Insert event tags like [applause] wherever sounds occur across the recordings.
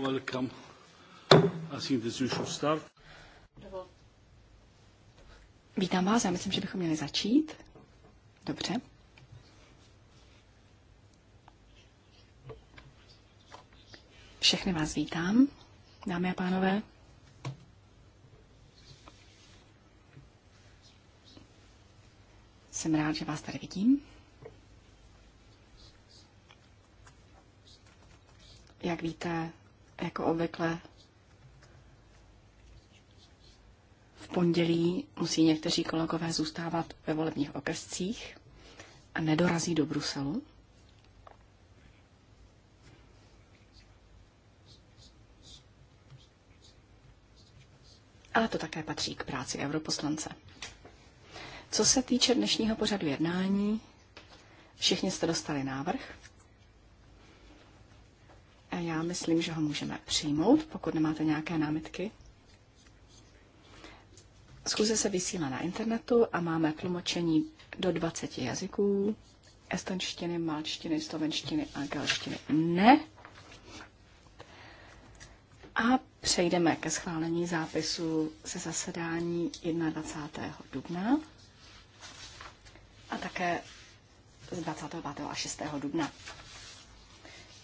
Welcome. I think this should start. Vítám vás, já myslím, že bychom měli začít. Dobře. Všechny vás vítám, dámy a pánové. Jsem rád, že vás tady vidím. Jak víte, jako obvykle v pondělí musí někteří kolegové zůstávat ve volebních okrscích a nedorazí do Bruselu. Ale to také patří k práci europoslance. Co se týče dnešního pořadu jednání, všichni jste dostali návrh. Já myslím, že ho můžeme přijmout, pokud nemáte nějaké námitky. Schůze se vysílá na internetu a máme tlumočení do 20 jazyků. Estonštiny, malčtiny, slovenštiny a galštiny ne. A přejdeme ke schválení zápisu se zasedání 21. dubna a také z 25. a 6. dubna.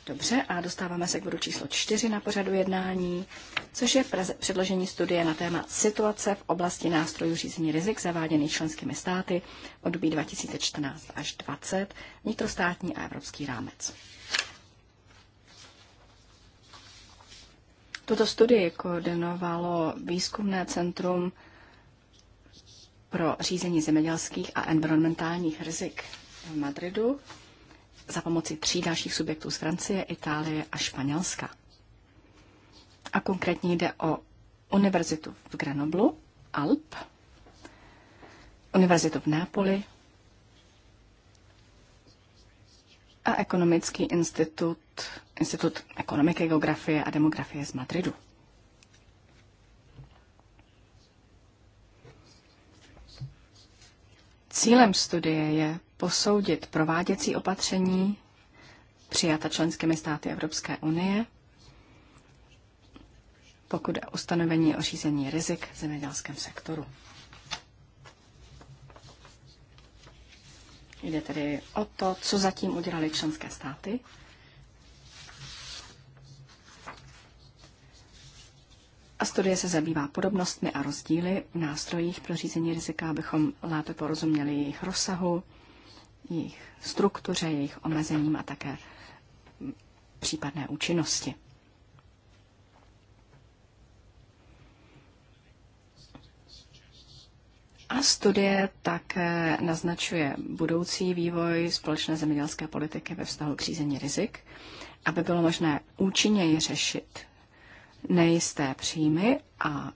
Dobře, a dostáváme se k bodu číslo čtyři na pořadu jednání, což je předložení studie na téma Situace v oblasti nástrojů řízení rizik zaváděných členskými státy od období 2014 až 2020, vnitrostátní a evropský rámec. Tuto studii koordinovalo výzkumné centrum pro řízení zemědělských a environmentálních rizik v Madridu za pomoci tří dalších subjektů z Francie, Itálie a Španělska. A konkrétně jde o univerzitu v Grenoblu, Alp, univerzitu v Nápoli a ekonomický institut, institut ekonomiky, geografie a demografie z Madridu. Cílem studie je posoudit prováděcí opatření přijata členskými státy Evropské unie, pokud je ustanovení o řízení rizik v zemědělském sektoru. Jde tedy o to, co zatím udělali členské státy. A studie se zabývá podobnostmi a rozdíly v nástrojích pro řízení rizika, abychom lépe porozuměli jejich rozsahu, jejich struktuře, jejich omezením a také případné účinnosti. A studie také naznačuje budoucí vývoj společné zemědělské politiky ve vztahu k řízení rizik, aby bylo možné účinněji řešit nejisté příjmy a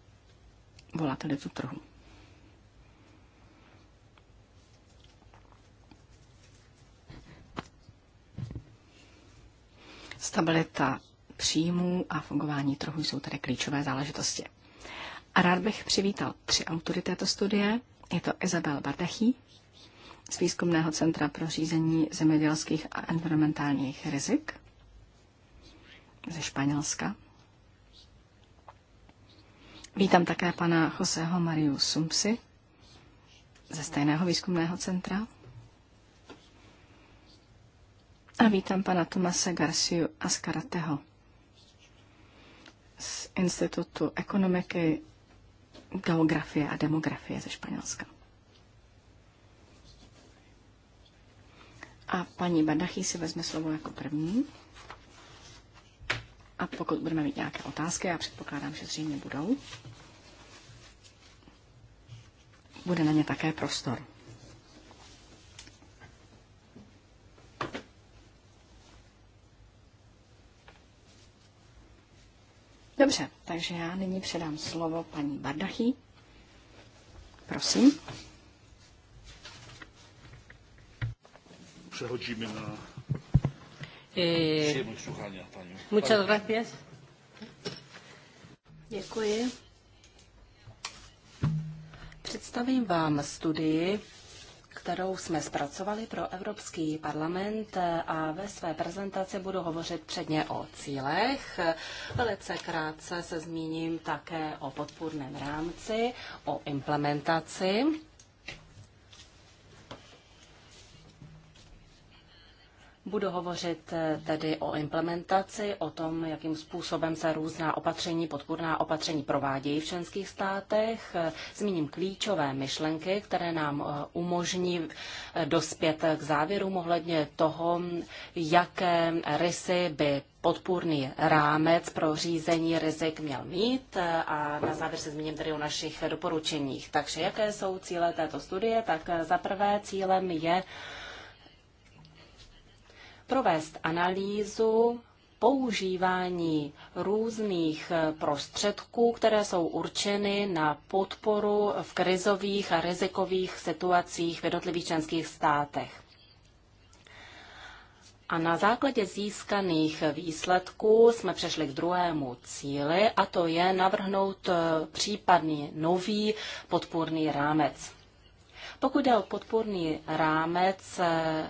volatilitu trhu. Stabilita příjmů a fungování trhu jsou tedy klíčové záležitosti. A rád bych přivítal tři autory této studie. Je to Izabel Bardachy z Výzkumného centra pro řízení zemědělských a environmentálních rizik ze Španělska. Vítám také pana Joseho Mariu Sumpsi ze stejného výzkumného centra a vítám pana Tomase Garciu Askarateho z Institutu ekonomiky, geografie a demografie ze Španělska. A paní Badachy si vezme slovo jako první. A pokud budeme mít nějaké otázky, já předpokládám, že zřejmě budou, bude na ně také prostor. Dobře, takže já nyní předám slovo paní Bardachy. Prosím. Přehodíme na eh, słuchania, paní. Muchas gracias. Děkuji. Představím vám studii kterou jsme zpracovali pro Evropský parlament a ve své prezentaci budu hovořit předně o cílech. Velice krátce se zmíním také o podpůrném rámci, o implementaci Budu hovořit eh, tedy o implementaci, o tom, jakým způsobem se různá opatření, podpůrná opatření provádějí v členských státech. Eh, zmíním klíčové myšlenky, které nám eh, umožní dospět k závěrům ohledně toho, jaké rysy by podpůrný rámec pro řízení rizik měl mít a na závěr se zmíním tedy o našich doporučeních. Takže jaké jsou cíle této studie? Tak za prvé cílem je provést analýzu používání různých eh, prostředků, které jsou určeny na podporu v krizových a rizikových situacích v jednotlivých členských státech. A na základě získaných výsledků jsme přešli k druhému cíli, a to je navrhnout eh, případný nový podpůrný rámec. Pokud je o podpůrný rámec eh,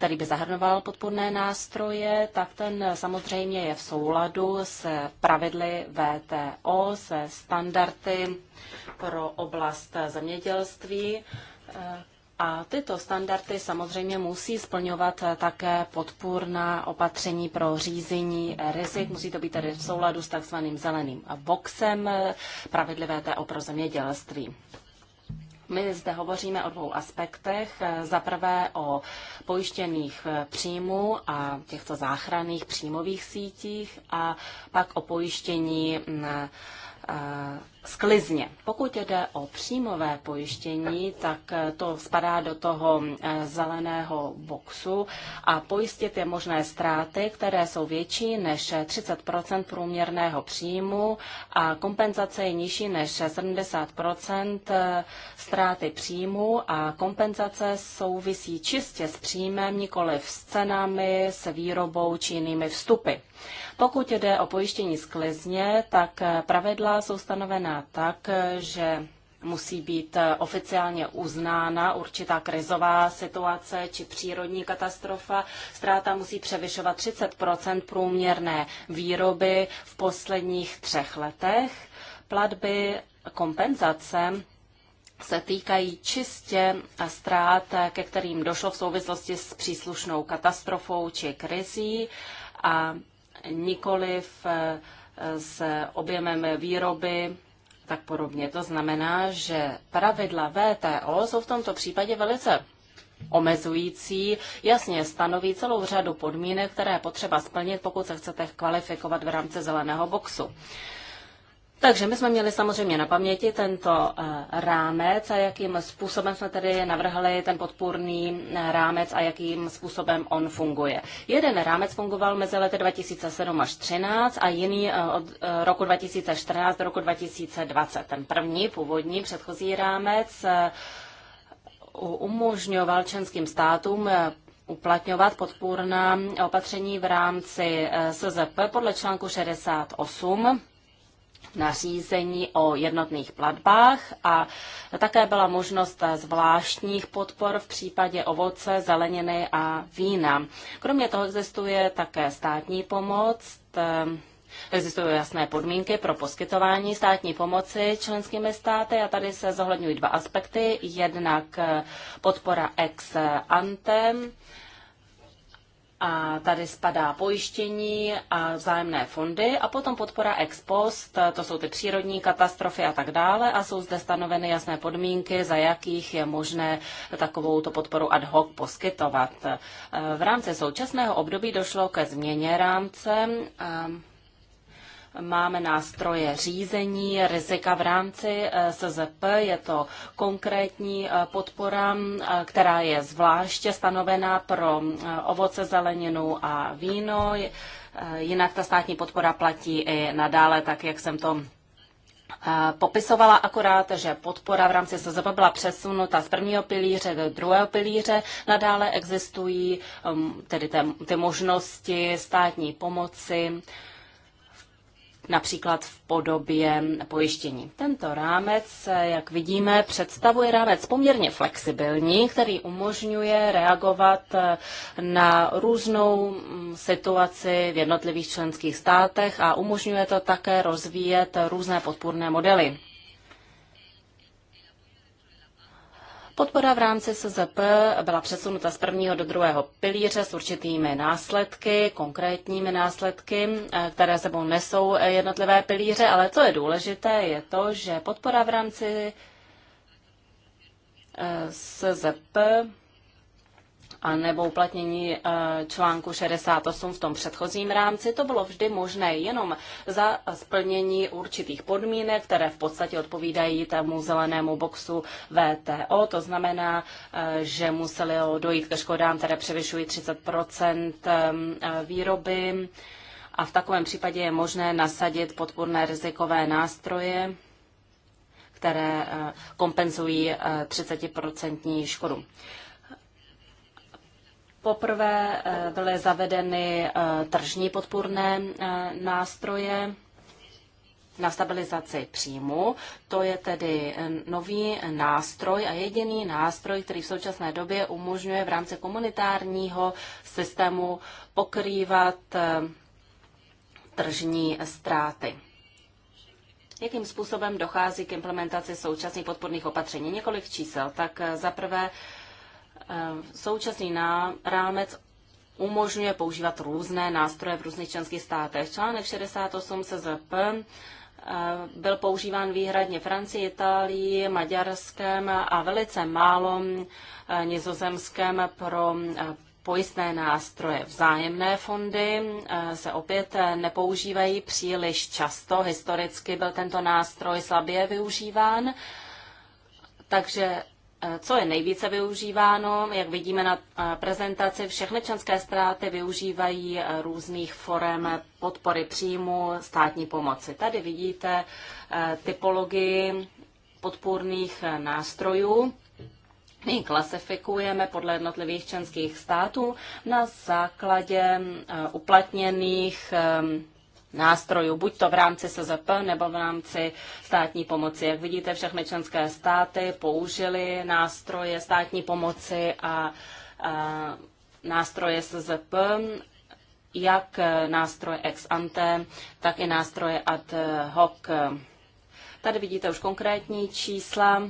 který by zahrnoval podpůrné nástroje, tak ten samozřejmě je v souladu s pravidly VTO, se standardy pro oblast zemědělství. A tyto standardy samozřejmě musí splňovat také podpůrná opatření pro řízení rizik. Musí to být tedy v souladu s takzvaným zeleným boxem pravidly VTO pro zemědělství. My zde hovoříme o dvou aspektech. Za prvé o pojištěných příjmů a těchto záchranných příjmových sítích a pak o pojištění Eh, sklizně. Pokud jde o příjmové pojištění, tak eh, to spadá do toho eh, zeleného boxu a pojistit je možné ztráty, které jsou větší než 30 průměrného příjmu a kompenzace je nižší než 70 ztráty příjmu a kompenzace souvisí čistě s příjmem, nikoli s cenami, s výrobou či jinými vstupy. Pokud jde o pojištění sklizně, tak pravidla jsou stanovená tak, že musí být oficiálně uznána určitá krizová situace či přírodní katastrofa. Ztráta musí převyšovat 30 průměrné výroby v posledních třech letech. Platby kompenzace se týkají čistě ztrát, ke kterým došlo v souvislosti s příslušnou katastrofou či krizí a nikoliv eh, s objemem výroby tak podobně. To znamená, že pravidla VTO jsou v tomto případě velice omezující, jasně stanoví celou řadu podmínek, které je potřeba splnit, pokud se chcete kvalifikovat v rámci zeleného boxu. Takže my jsme měli samozřejmě na paměti tento eh, rámec a jakým způsobem jsme tedy navrhli ten podpůrný eh, rámec a jakým způsobem on funguje. Jeden rámec fungoval mezi lety 2007 až 2013 a jiný eh, od roku 2014 do roku 2020. Ten první, původní, předchozí rámec umožňoval členským státům uplatňovat podpůrná opatření v rámci SZP podle článku 68 nařízení o jednotných platbách a také byla možnost zvláštních podpor v případě ovoce, zeleniny a vína. Kromě toho existuje také státní pomoc. Existují jasné podmínky pro poskytování státní pomoci členskými státy a tady se zohledňují dva aspekty. Jednak podpora ex ante, a tady spadá pojištění a vzájemné fondy a potom podpora ex post, to jsou ty přírodní katastrofy a tak dále a jsou zde stanoveny jasné podmínky, za jakých je možné takovou to podporu ad hoc poskytovat. Eh, v rámci současného období došlo ke změně rámce. A eh, máme nástroje řízení rizika v rámci eh, SZP. Je to konkrétní eh, podpora, eh, která je zvláště stanovená pro ovoce, zeleninu a víno. Jinak ta státní podpora platí i nadále, tak jak jsem to Popisovala akorát, že podpora v rámci SZP byla přesunuta z prvního pilíře do druhého pilíře. Nadále existují ehm, tedy ty, ty možnosti státní pomoci například v podobě pojištění. Tento rámec, jak vidíme, představuje rámec poměrně flexibilní, který umožňuje reagovat na různou mm, situaci v jednotlivých členských státech a umožňuje to také rozvíjet různé podpůrné modely. Podpora v rámci SZP byla přesunuta z prvního do druhého pilíře s určitými následky, konkrétními následky, eh, které sebou nesou eh, jednotlivé pilíře, ale co je důležité, je to, že podpora v rámci eh, SZP a nebo uplatnění eh, článku 68 v tom předchozím rámci. To bylo vždy možné jenom za splnění určitých podmínek, které v podstatě odpovídají tomu zelenému boxu VTO. To znamená, eh, že museli dojít ke škodám, které převyšují 30 eh, výroby a v takovém případě je možné nasadit podpůrné rizikové nástroje, které kompenzují 30% škodu. Poprvé eh, byly zavedeny eh, tržní podpůrné eh, nástroje na stabilizaci příjmu. To je tedy nový nástroj a jediný nástroj, který v současné době umožňuje v rámci komunitárního systému pokrývat tržní ztráty. Jakým způsobem dochází k implementaci současných podporných opatření? Několik čísel. Tak za prvé Eh, současný rámec umožňuje používat různé nástroje v různých členských státech. Článek 68 CZP eh, byl používán výhradně Francii, Itálii, Maďarském a velice málo eh, nizozemském pro pojistné nástroje. Vzájemné fondy se opět nepoužívají příliš často. Historicky byl tento nástroj slabě využíván, takže co je nejvíce využíváno. Jak vidíme na eh, prezentaci, všechny členské státy využívají eh, různých forem podpory příjmu státní pomoci. Tady vidíte eh, typologii podpůrných nástrojů. My klasifikujeme podle jednotlivých členských států na základě uplatněných nástrojů, buď to v rámci SZP nebo v rámci státní pomoci. Jak vidíte, všechny členské státy použily nástroje státní pomoci a, a nástroje SZP, jak nástroje ex ante, tak i nástroje ad hoc. Tady vidíte už konkrétní čísla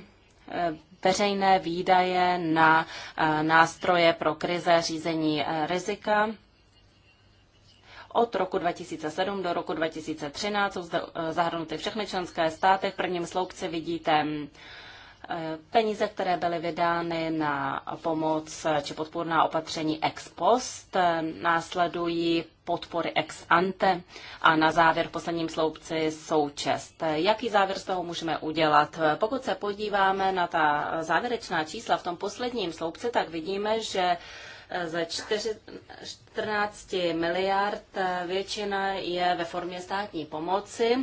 e, veřejné výdaje na e, nástroje pro krize řízení e, rizika. Od roku 2007 do roku 2013 jsou zde eh, zahrnuty všechny členské státy. V prvním sloupci vidíte mm, eh, peníze, které byly vydány na pomoc eh, či podpůrná opatření ex post, následují podpory ex ante a na závěr v posledním sloupci součest. Jaký závěr z toho můžeme udělat? Pokud se podíváme na ta závěrečná čísla v tom posledním sloupci, tak vidíme, že ze 14 miliard eh, většina je ve formě státní pomoci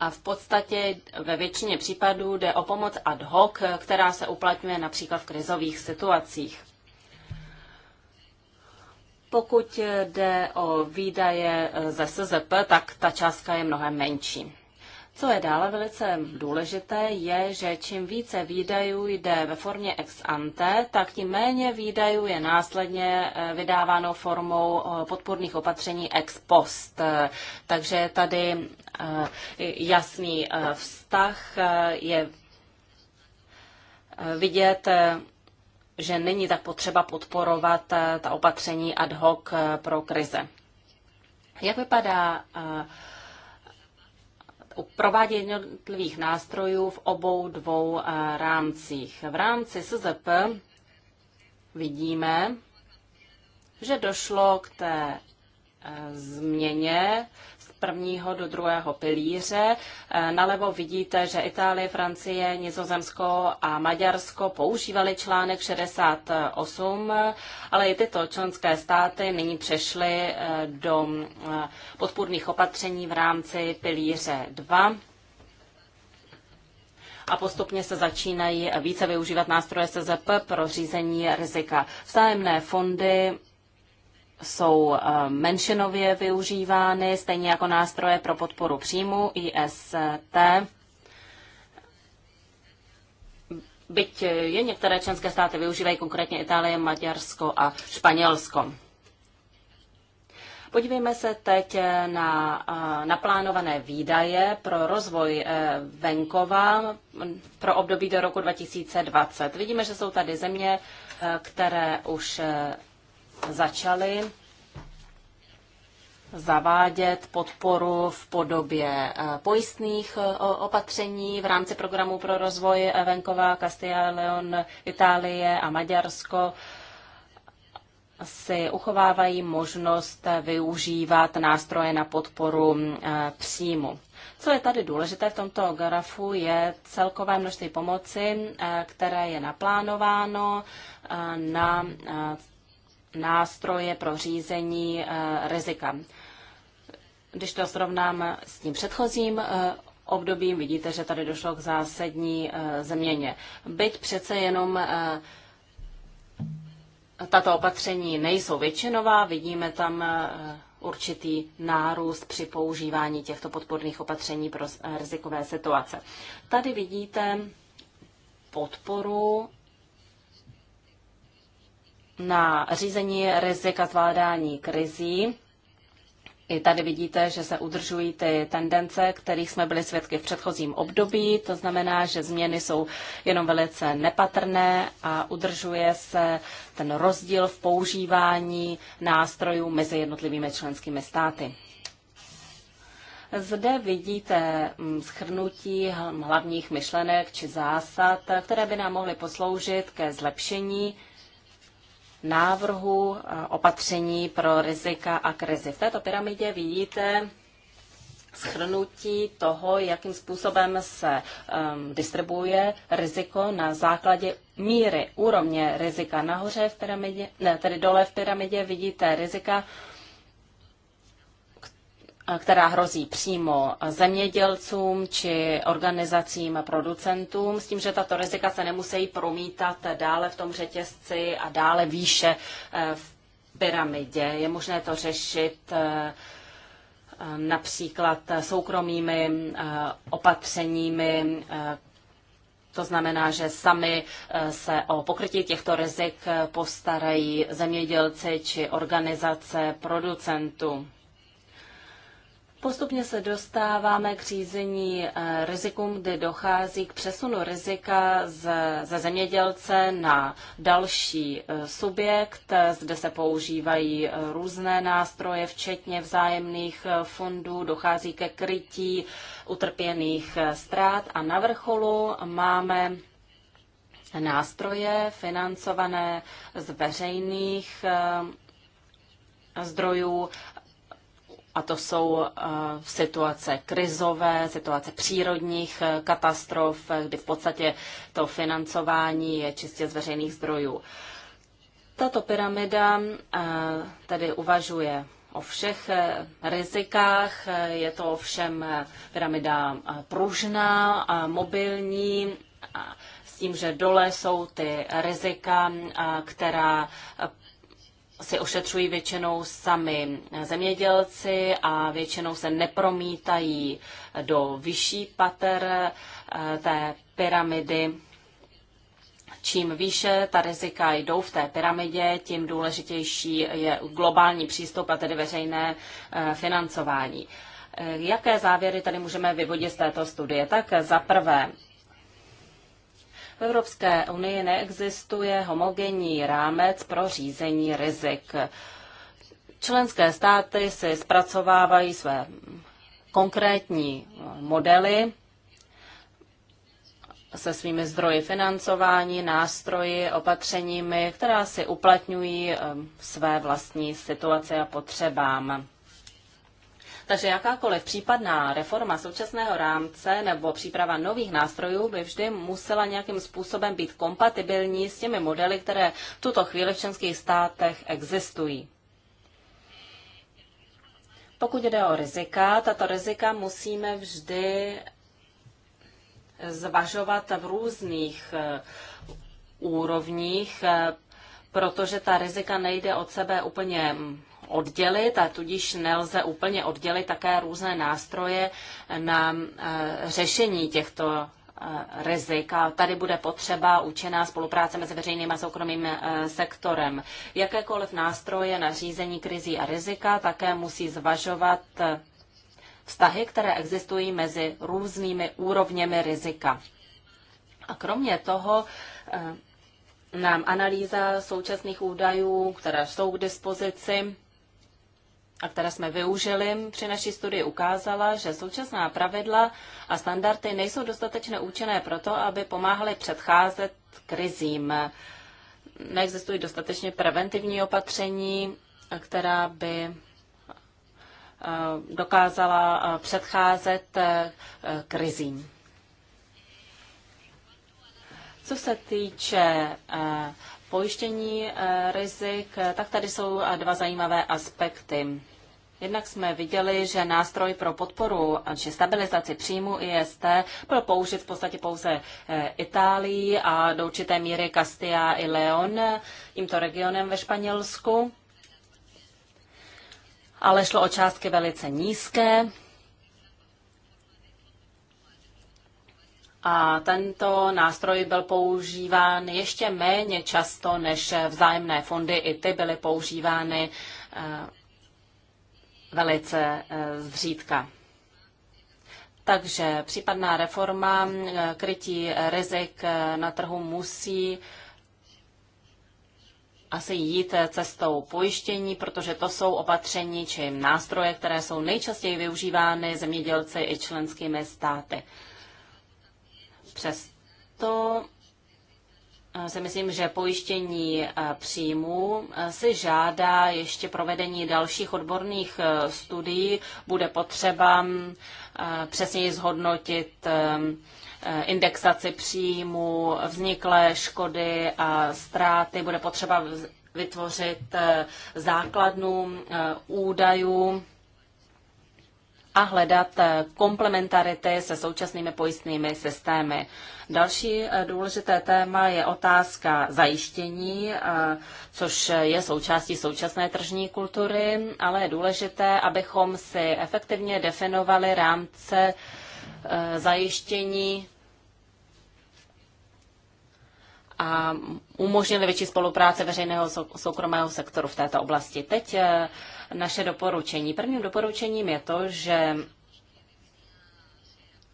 a v podstatě ve většině případů jde o pomoc ad hoc, která se uplatňuje například v krizových situacích. Pokud jde o výdaje eh, ze SZP, tak ta částka je mnohem menší. Co je dále velice důležité, je, že čím více výdajů jde ve formě ex ante, tak tím méně výdajů je následně eh, vydáváno formou eh, podporných opatření ex post. Eh, takže tady jasný vztah, je vidět, že není tak potřeba podporovat ta opatření ad hoc pro krize. Jak vypadá uh, u provádění jednotlivých nástrojů v obou dvou eh, rámcích. V rámci SZP vidíme, že došlo k té eh, změně prvního do druhého pilíře. Eh, nalevo vidíte, že Itálie, Francie, Nizozemsko a Maďarsko používali článek 68, ale i tyto členské státy nyní přešly eh, do eh, podpůrných opatření v rámci pilíře 2 a postupně se začínají více využívat nástroje SZP pro řízení rizika. Vzájemné fondy jsou eh, menšinově využívány, stejně jako nástroje pro podporu příjmu IST. Byť je některé členské státy využívají, konkrétně Itálie, Maďarsko a Španělsko. Podívejme se teď eh, na eh, naplánované výdaje pro rozvoj venkova pro období do roku 2020. Vidíme, že jsou tady země, které už začali zavádět podporu v podobě eh, pojistných eh, opatření v rámci programu pro rozvoj venkova Castilla, Leon, Itálie a Maďarsko si uchovávají možnost využívat nástroje na podporu eh, příjmu. Co je tady důležité v tomto grafu, je celkové množství pomoci, které je naplánováno na nástroje pro řízení eh, rizika. Když to srovnám s tím předchozím eh, obdobím, vidíte, že tady došlo k zásadní eh, změně. Byť přece jenom tato opatření nejsou většinová, vidíme tam určitý nárůst při používání těchto podporných opatření pro rizikové situace. Tady vidíte podporu na řízení rizik a zvládání krizí. I tady vidíte, že se udržují ty tendence, kterých jsme byli svědky v předchozím období. To znamená, že změny jsou jenom velice nepatrné a udržuje se ten rozdíl v používání nástrojů mezi jednotlivými členskými státy. Zde vidíte mm, schrnutí hlavních myšlenek či zásad, které by nám mohly posloužit ke zlepšení návrhu opatření pro rizika a krizi. V této pyramidě vidíte schrnutí toho, jakým způsobem se um, distribuuje riziko na základě míry, úrovně rizika. Nahoře v pyramidě, ne, tedy dole v pyramidě vidíte rizika, uh, která hrozí přímo zemědělcům či organizacím producentům, s tím, že tato rizika se nemusí promítat dále v tom řetězci a dále výše eh, v pyramidě. Je možné to řešit eh, například soukromými eh, opatřeními, to znamená, že sami se o pokrytí těchto rizik postarají zemědělci či organizace producentů. Postupně se dostáváme k řízení eh, rizikům, kde dochází k přesunu rizika ze zemědělce na další eh, subjekt. Eh, zde se používají různé nástroje, včetně vzájemných fondů. Dochází ke krytí utrpěných ztrát a na vrcholu máme nástroje financované z veřejných zdrojů, a to jsou eh, situace krizové, situace přírodních eh, katastrof, eh, kdy v podstatě to financování je čistě z veřejných zdrojů. Tato pyramida tedy uvažuje o všech rizikách. Je to ovšem pyramida pružná, mobilní, s tím, že dole jsou ty rizika, která si ošetřují většinou sami zemědělci a většinou se nepromítají do vyšší pater eh, té pyramidy. Čím výše ta rizika jdou v té pyramidě, tím důležitější je globální přístup a tedy veřejné eh, financování. Eh, jaké závěry tady můžeme vyvodit z této studie? Tak za prvé, v Evropské unii neexistuje homogenní rámec pro řízení rizik. Členské státy si zpracovávají své konkrétní modely se svými zdroji financování, nástroji, opatřeními, která si uplatňují eh, své vlastní situace a potřebám. Takže jakákoliv případná reforma současného rámce nebo příprava nových nástrojů by vždy musela nějakým způsobem být kompatibilní s těmi modely, které v tuto chvíli v členských státech existují. Pokud jde o rizika, tato rizika musíme vždy zvažovat v různých eh, úrovních, eh, protože ta rizika nejde od sebe úplně oddělit a tudíž nelze úplně oddělit také různé nástroje na eh, řešení těchto eh, rizik a tady bude potřeba účinná spolupráce mezi veřejným a soukromým eh, sektorem. Jakékoliv nástroje na řízení krizí a rizika také musí zvažovat vztahy, které existují mezi různými úrovněmi rizika. A kromě toho nám analýza současných údajů, které jsou k dispozici, a které jsme využili při naší studii, ukázala, že současná pravidla a standardy nejsou dostatečně účinné proto, aby pomáhaly předcházet krizím. Neexistují dostatečně preventivní opatření, která by eh, dokázala eh, předcházet eh, krizím. Co se týče pojištění eh, rizik, eh, tak tady jsou eh, dva zajímavé aspekty. Jednak jsme viděli, že nástroj pro podporu či stabilizaci příjmu IST byl použit v podstatě pouze Itálii a do určité míry Castilla i Leon, tímto regionem ve Španělsku. Ale šlo o částky velice nízké a tento nástroj byl používán ještě méně často než vzájemné fondy. I ty byly používány eh, velice eh, zřídka. Takže případná reforma eh, krytí rizik na trhu musí asi jít cestou pojištění, protože to jsou opatření či nástroje, které jsou nejčastěji využívány zemědělci i členskými státy. Přesto eh, si myslím, že pojištění eh, příjmů eh, si žádá ještě provedení dalších odborných studií. Bude potřeba mm, přesněji zhodnotit indexaci příjmů, vzniklé škody a ztráty. Bude potřeba vytvořit základnu údajů a hledat eh, komplementarity se současnými pojistnými systémy. Další eh, důležité téma je otázka zajištění, eh, což je součástí současné tržní kultury, ale je důležité, abychom si efektivně definovali rámce zajištění a umožnili větší spolupráce veřejného soukromého sektoru v této oblasti. Teď eh, naše doporučení. Prvním doporučením je to, že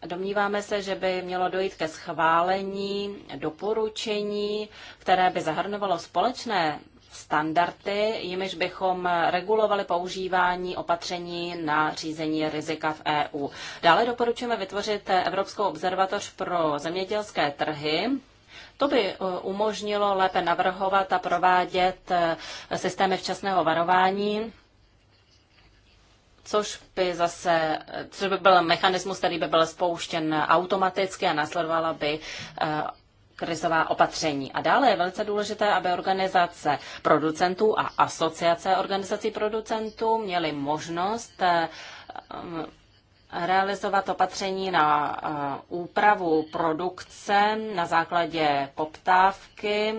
Domníváme se, že by mělo dojít ke schválení doporučení, které by zahrnovalo společné standardy, jimiž bychom regulovali používání opatření na řízení rizika v EU. Dále doporučujeme vytvořit Evropskou observatoř pro zemědělské trhy, to by e, umožnilo lépe navrhovat a provádět e, systémy včasného varování, což by zase, což by byl mechanismus, který by byl spouštěn automaticky a následovala by e, krizová opatření. A dále je velice důležité, aby organizace producentů a asociace organizací producentů měly možnost realizovat opatření na eh, úpravu produkce na základě poptávky,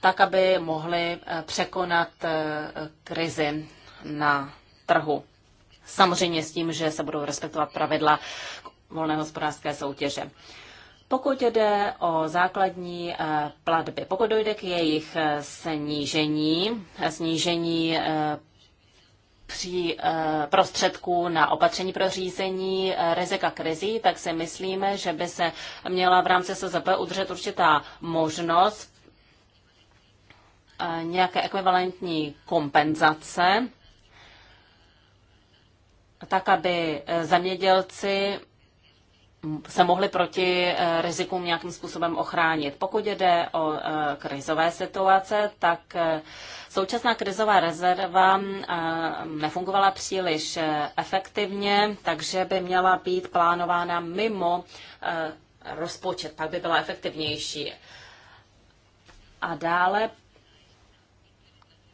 tak, aby mohli eh, překonat eh, krizi na trhu. Samozřejmě s tím, že se budou respektovat pravidla volné hospodářské soutěže. Pokud jde o základní platby, pokud dojde k jejich snížení, snížení pří, eh, prostředků na opatření pro řízení eh, rizika krizí, tak si myslíme, že by se měla v rámci SZP udržet určitá možnost eh, nějaké ekvivalentní kompenzace, tak aby zemědělci se mohli proti eh, rizikům nějakým způsobem ochránit. Pokud jde o eh, krizové situace, tak eh, současná krizová rezerva nefungovala příliš efektivně, takže by měla být plánována mimo rozpočet, tak by byla efektivnější. A dále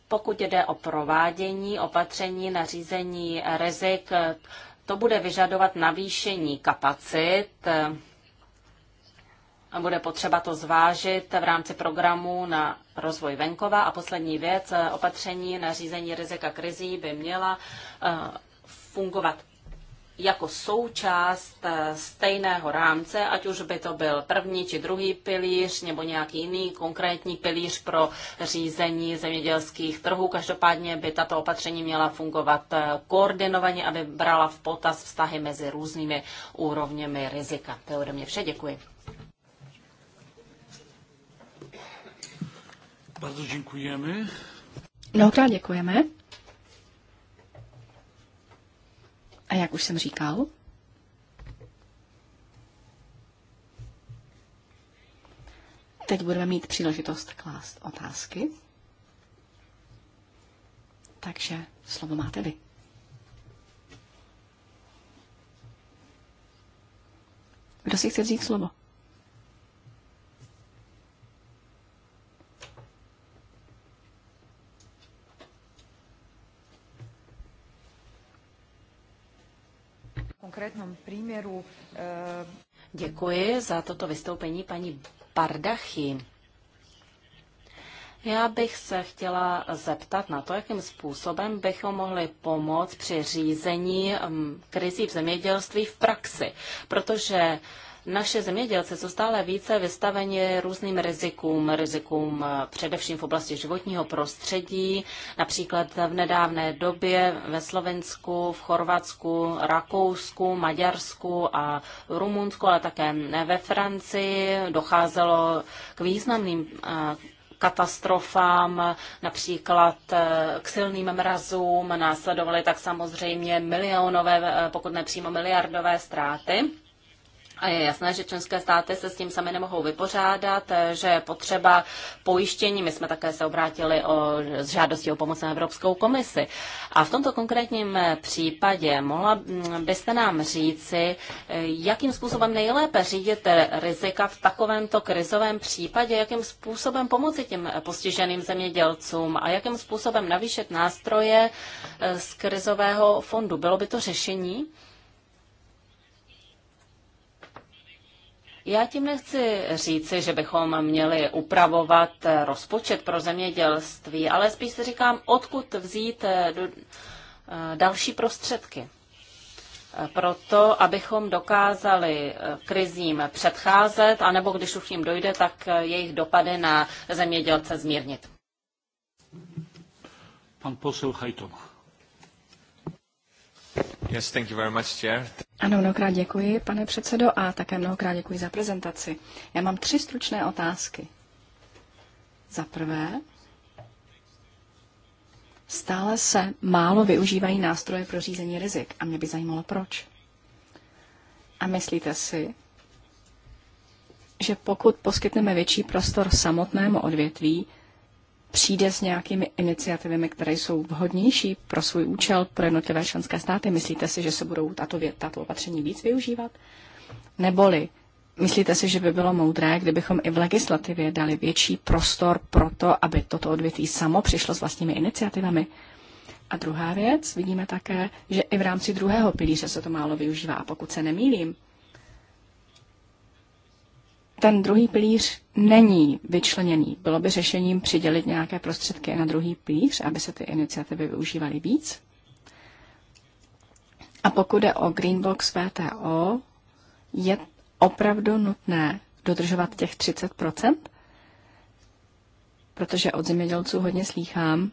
pokud jde o provádění opatření na řízení rizik, to bude vyžadovat navýšení kapacit eh, a bude potřeba to zvážit v rámci programu na rozvoj venkova. A poslední věc, eh, opatření na řízení rizika krizí by měla eh, fungovat jako součást eh, stejného rámce, ať už by to byl první či druhý pilíř nebo nějaký jiný konkrétní pilíř pro řízení zemědělských trhů. Každopádně by tato opatření měla fungovat eh, koordinovaně, aby brala v potaz vztahy mezi různými úrovněmi rizika. To je ode mě vše, děkuji. Bardzo dziękujemy. No děkujeme. A jak už jsem říkal, teď budeme mít příležitost klást otázky. Takže slovo máte vy. Kdo si chce vzít slovo? konkrétnom primjeru. Eh, Děkuji za toto vystoupení paní Bardachy. Já bych se chtěla zeptat na to, jakým způsobem bychom mohli pomoct při řízení mm, krizí v zemědělství v praxi, protože naše zemědělce jsou stále více vystaveni různým rizikům, rizikům eh, především v oblasti životního prostředí. Například v nedávné době ve Slovensku, v Chorvatsku, Rakousku, Maďarsku a Rumunsku, ale také ve Francii docházelo k významným eh, katastrofám, například eh, k silným mrazům, následovaly tak samozřejmě milionové, pokud nepřímo miliardové ztráty. A je jasné, že členské státy se s tím sami nemohou vypořádat, že je potřeba pojištění. My jsme také se obrátili o, s žádostí o pomoc na Evropskou komisi. A v tomto konkrétním případě mohla mm, byste nám říci, eh, jakým způsobem nejlépe řídit rizika v takovémto krizovém případě, jakým způsobem pomoci těm postiženým zemědělcům a jakým způsobem navýšit nástroje eh, z krizového fondu. Bylo by to řešení? Já tím nechci říci, že bychom měli upravovat rozpočet pro zemědělství, ale spíš si říkám, odkud vzít eh, do, eh, další prostředky. Eh, proto, abychom dokázali krizím předcházet, anebo když už jim dojde, tak jejich dopady na zemědělce zmírnit. Pan posel Hajtoma. Yes, thank you very much, Chair. Ano, mnohokrát děkuji, pane předsedo, a také mnohokrát děkuji za prezentaci. Já mám tři stručné otázky. Za prvé, stále se málo využívají nástroje pro řízení rizik a mě by zajímalo proč. A myslíte si, že pokud poskytneme větší prostor samotnému odvětví, přijde s nějakými iniciativami, které jsou vhodnější pro svůj účel pro jednotlivé členské státy? Myslíte si, že se budou tato, vě, tato opatření víc využívat? Neboli myslíte si, že by bylo moudré, kdybychom i v legislativě dali větší prostor pro to, aby toto odvětví samo přišlo s vlastními iniciativami? A druhá věc, vidíme také, že i v rámci druhého pilíře se to málo využívá. A pokud se nemýlím, ten druhý pilíř není vyčleněný. Bylo by řešením přidělit nějaké prostředky na druhý pilíř, aby se ty iniciativy využívaly víc? A pokud je o Greenbox VTO, je opravdu nutné dodržovat těch 30 protože od zemědělců hodně slýchám,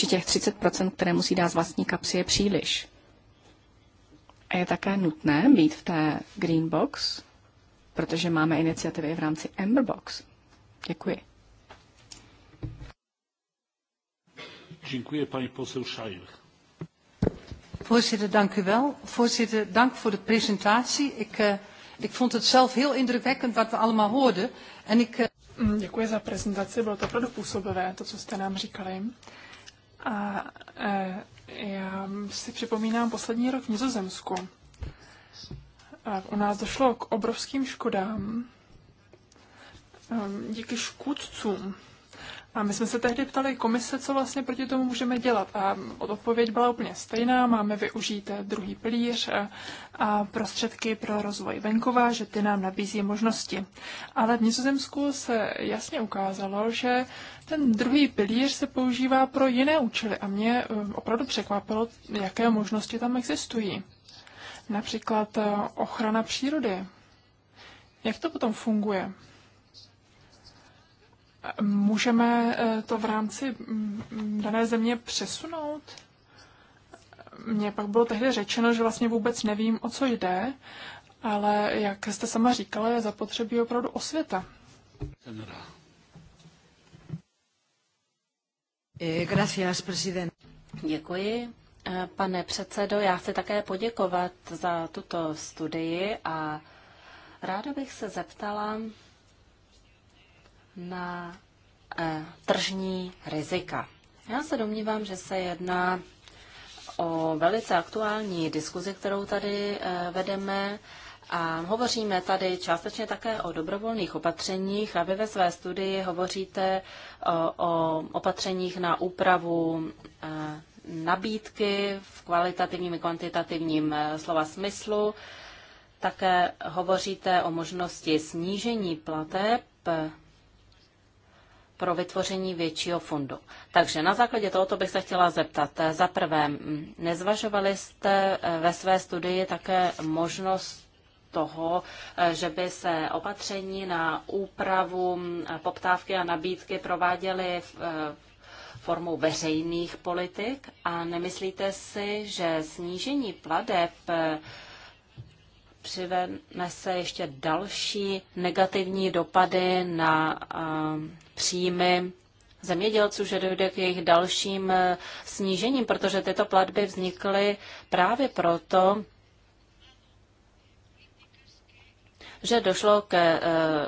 že těch 30 které musí dát z vlastní kapsy, je příliš. A je také nutné být v té Green Box, protože máme iniciativy v rámci Amber Box. Děkuji. Děkuji, paní posel Szajer. Voorzitter, dank u wel. Voorzitter, dank voor de presentatie. Ik, uh, ik vond het zelf heel indrukwekkend wat we allemaal hoorden. En ik, uh... Děkuji za prezentaci, bylo to opravdu působivé, to, co jste nám říkali. A eh, já si připomínám poslední rok v Nizozemsku. U nás došlo k obrovským škodám ehm, díky škůdcům a my jsme se tehdy ptali komise, co vlastně proti tomu můžeme dělat. A odpověď byla úplně stejná. Máme využít druhý pilíř a prostředky pro rozvoj venkova, že ty nám nabízí možnosti. Ale v Nizozemsku se jasně ukázalo, že ten druhý pilíř se používá pro jiné účely a mě eh, opravdu překvapilo, jaké možnosti tam existují. Například eh, ochrana přírody. Jak to potom funguje? Můžeme eh, to v rámci mm, dané země přesunout? Mně pak bylo tehdy řečeno, že vlastně vůbec nevím, o co jde, ale jak jste sama říkala, je zapotřebí opravdu osvěta. Eh, Děkuji. Eh, pane předsedo, já chci také poděkovat za tuto studii a ráda bych se zeptala, na eh, tržní rizika. Já se domnívám, že se jedná o velice aktuální diskuzi, kterou tady eh, vedeme. A hovoříme tady částečně také o dobrovolných opatřeních a vy ve své studii hovoříte o, o opatřeních na úpravu eh, nabídky v kvalitativním i kvantitativním slova smyslu. Také hovoříte o možnosti snížení plateb pro vytvoření většího fondu. Takže na základě tohoto bych se chtěla zeptat. Za prvé, nezvažovali jste e, ve své studii také možnost toho, e, že by se opatření na úpravu poptávky a nabídky prováděly v e, formou veřejných politik a nemyslíte si, že snížení pladeb přivene se ještě další negativní dopady na příjmy zemědělců, že dojde k jejich dalším eh, snížením, protože tyto platby vznikly právě proto, že došlo ke eh,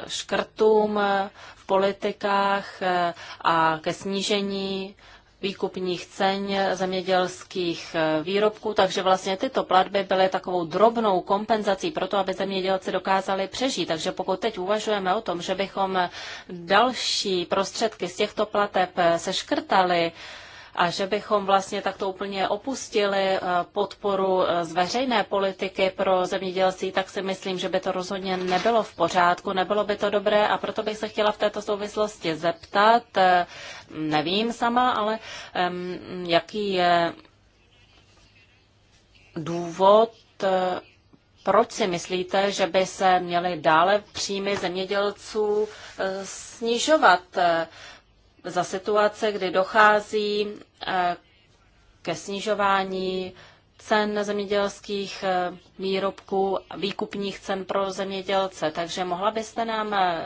škrtům eh, v politikách a ke snížení výkupních ceň zemědělských eh, výrobků, takže vlastně tyto platby byly takovou drobnou kompenzací pro to, aby zemědělci dokázali přežít. Takže pokud teď uvažujeme o tom, že bychom další prostředky z těchto plateb eh, seškrtali, a že bychom vlastně takto úplně opustili eh, podporu eh, z veřejné politiky pro zemědělství, tak si myslím, že by to rozhodně nebylo v pořádku, nebylo by to dobré a proto bych se chtěla v této souvislosti zeptat, eh, nevím sama, ale jaký je důvod, proč si myslíte, že by se měly dále příjmy zemědělců snižovat? za situace, kdy dochází eh, ke snižování cen zemědělských eh, výrobků, výkupních cen pro zemědělce. Takže mohla byste nám eh,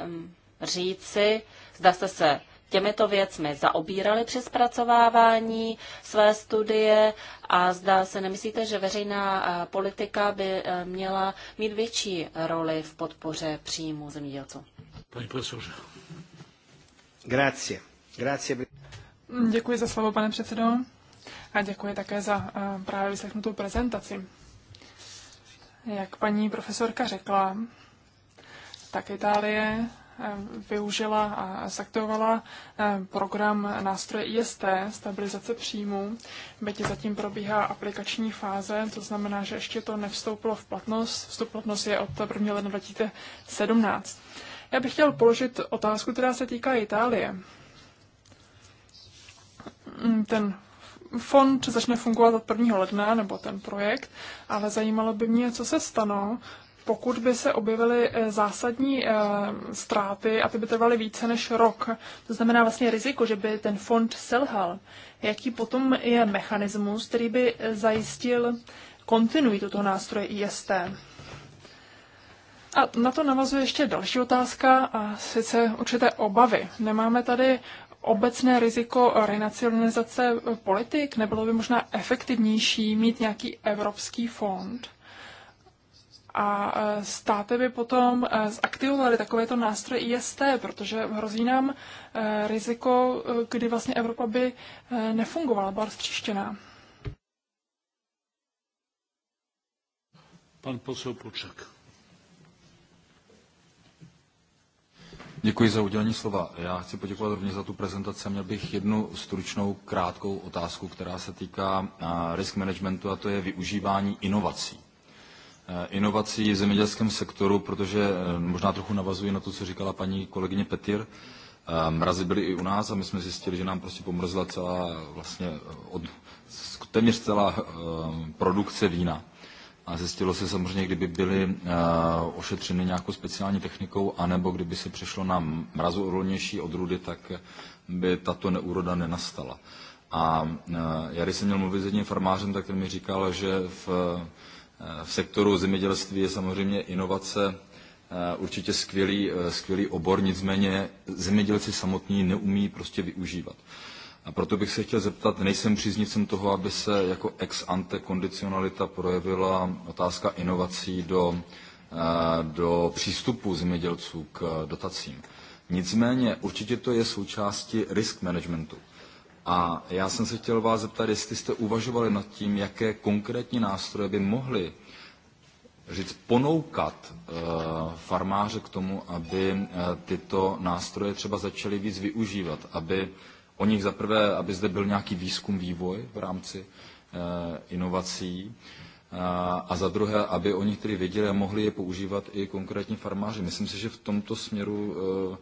říci, zda jste se těmito věcmi zaobírali při zpracovávání své studie a zda se nemyslíte, že veřejná politika by měla mít větší roli v podpoře příjmu zemědělců. Paní profesorze. Grazie. Děkuji za slovo, pane předsedo. A děkuji také za eh, právě vyslechnutou prezentaci. Jak paní profesorka řekla, tak Itálie eh, využila a zaktivovala eh, program nástroje IST, stabilizace příjmů, byť zatím probíhá aplikační fáze, to znamená, že ještě to nevstoupilo v platnost. Vstup platnost je od 1. ledna 2017. Já bych chtěl položit otázku, která se týká Itálie. Mm, ten fond začne fungovat od 1. ledna, nebo ten projekt, ale zajímalo by mě, co se stane, pokud by se objevily eh, zásadní eh, ztráty a ty by trvaly více než rok. To znamená vlastně riziko, že by ten fond selhal. Jaký potom je mechanismus, který by eh, zajistil kontinuitu toho nástroje IST? A na to navazuje ještě další otázka, a sice určité obavy. Nemáme tady obecné riziko renacionalizace politik? Nebylo by možná efektivnější mít nějaký evropský fond? A e, státy by potom e, zaktivovaly takovéto nástroje IST, protože hrozí nám e, riziko, kdy vlastně Evropa by nefungovala, byla rozstříštěná. Pan posel Poček. Děkuji za udělení slova. Já chci poděkovat rovněž za tu prezentaci. Měl bych jednu stručnou, krátkou otázku, která se týká risk managementu, a to je využívání inovací. E, inovací v zemědělském sektoru, protože e, možná trochu navazuji na to, co říkala paní kolegyně Petir, e, Mrazy byly i u nás a my jsme zjistili, že nám prostě pomrzla celá vlastně od, téměř celá produkce vína. A zjistilo se samozřejmě, kdyby byly eh, ošetřeny nějakou speciální technikou, anebo kdyby se přešlo na mrazoorolnější odrůdy, tak by tato neúroda nenastala. A já, když jsem měl mluvit s jedním farmářem, tak ten mi říkal, že v, eh, v sektoru zemědělství je samozřejmě inovace eh, určitě skvělý, skvělý obor, nicméně zemědělci samotní neumí prostě využívat. Uh, a proto bych se chtěl zeptat, nejsem příznivcem toho, aby se jako ex ante kondicionalita projevila otázka inovací do, eh, do přístupu zemědělců k dotacím. Nicméně určitě to je součástí risk managementu. A já jsem se chtěl vás zeptat, jestli jste uvažovali nad tím, jaké konkrétní nástroje by mohly říct, ponoukat eh, farmáře k tomu, aby eh, tyto nástroje třeba začali víc využívat, aby o nich zaprvé, aby zde byl nějaký výzkum, vývoj v rámci eh, inovací eh, a za druhé, aby oni, kteří věděli a mohli je používat i konkrétní farmáři. Myslím si, že v tomto směru eh,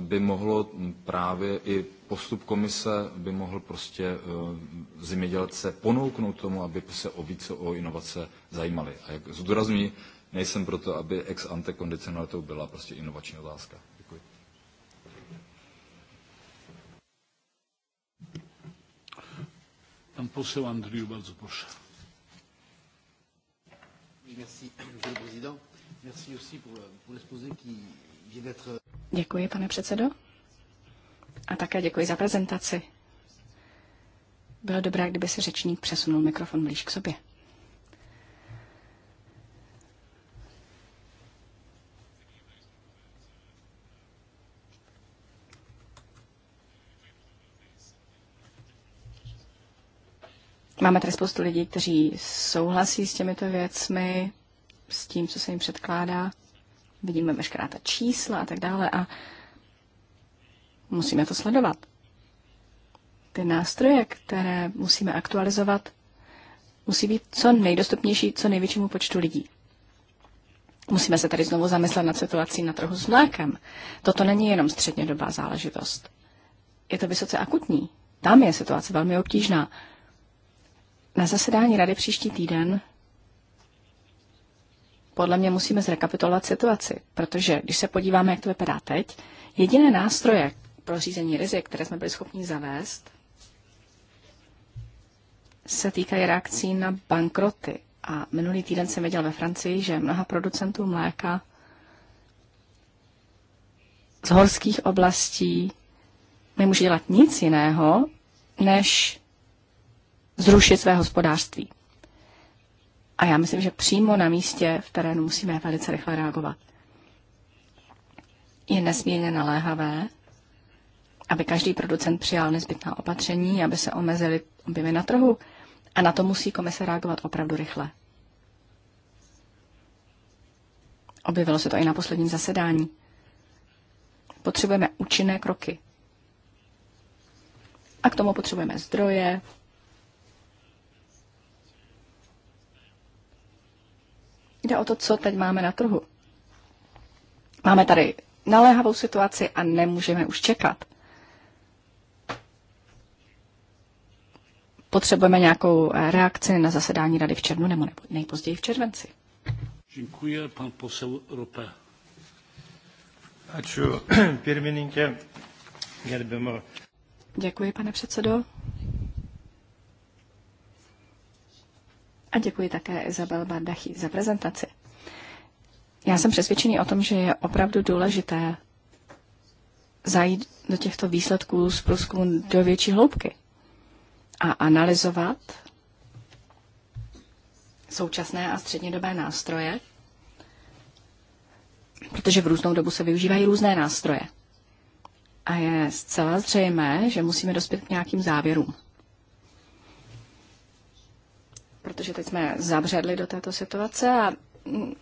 by mohlo hm, právě i postup komise by mohl prostě zemědělce ponouknout tomu, aby se o více o inovace zajímali. A jak zdůrazní, nejsem proto, aby ex ante kondicionalitou byla prostě inovační otázka. Pan poseł Andriu, bardzo proszę. Euh, děkuji, pane předsedo. A také děkuji za prezentaci. Bylo dobré, kdyby se řečník přesunul mikrofon blíž k sobě. Máme tady spoustu lidí, kteří souhlasí s těmito věcmi, s tím, co se jim předkládá. Vidíme veškerá ta čísla a tak dále a musíme to sledovat. Ty nástroje, které musíme aktualizovat, musí být co nejdostupnější co největšímu počtu lidí. Musíme se tady znovu zamyslet nad situací na trhu s mlékem. Toto není jenom střednědobá záležitost. Je to vysoce akutní. Tam je situace velmi obtížná. Na zasedání rady příští týden podle mě musíme zrekapitulovat situaci, protože když se podíváme, jak to vypadá teď, jediné nástroje pro řízení rizik, které jsme byli schopni zavést, se týkají reakcí na bankroty. A minulý týden jsem věděl ve Francii, že mnoha producentů mléka z horských oblastí nemůže dělat nic jiného, než zrušit své hospodářství. A já myslím, že přímo na místě v terénu musíme velice rychle reagovat. Je nesmírně naléhavé, aby každý producent přijal nezbytná opatření, aby se omezily objemy na trhu a na to musí komise reagovat opravdu rychle. Objevilo se to i na posledním zasedání. Potřebujeme účinné kroky. A k tomu potřebujeme zdroje, Jde o to, co teď máme na trhu. Máme tady naléhavou situaci a nemůžeme už čekat. Potřebujeme nějakou eh, reakci na zasedání rady v červnu nebo nejpozději v červenci. Děkuji, pan posel Rope. Aču, [clears throat] pirmininkě, Děkuji, pane předsedo. A děkuji také Izabel Bandachy za prezentaci. Já jsem přesvědčený o tom, že je opravdu důležité zajít do těchto výsledků z průzkumu do větší hloubky a analyzovat současné a střednědobé nástroje, protože v různou dobu se využívají různé nástroje. A je zcela zřejmé, že musíme dospět k nějakým závěrům protože teď jsme zabředli do této situace a mm,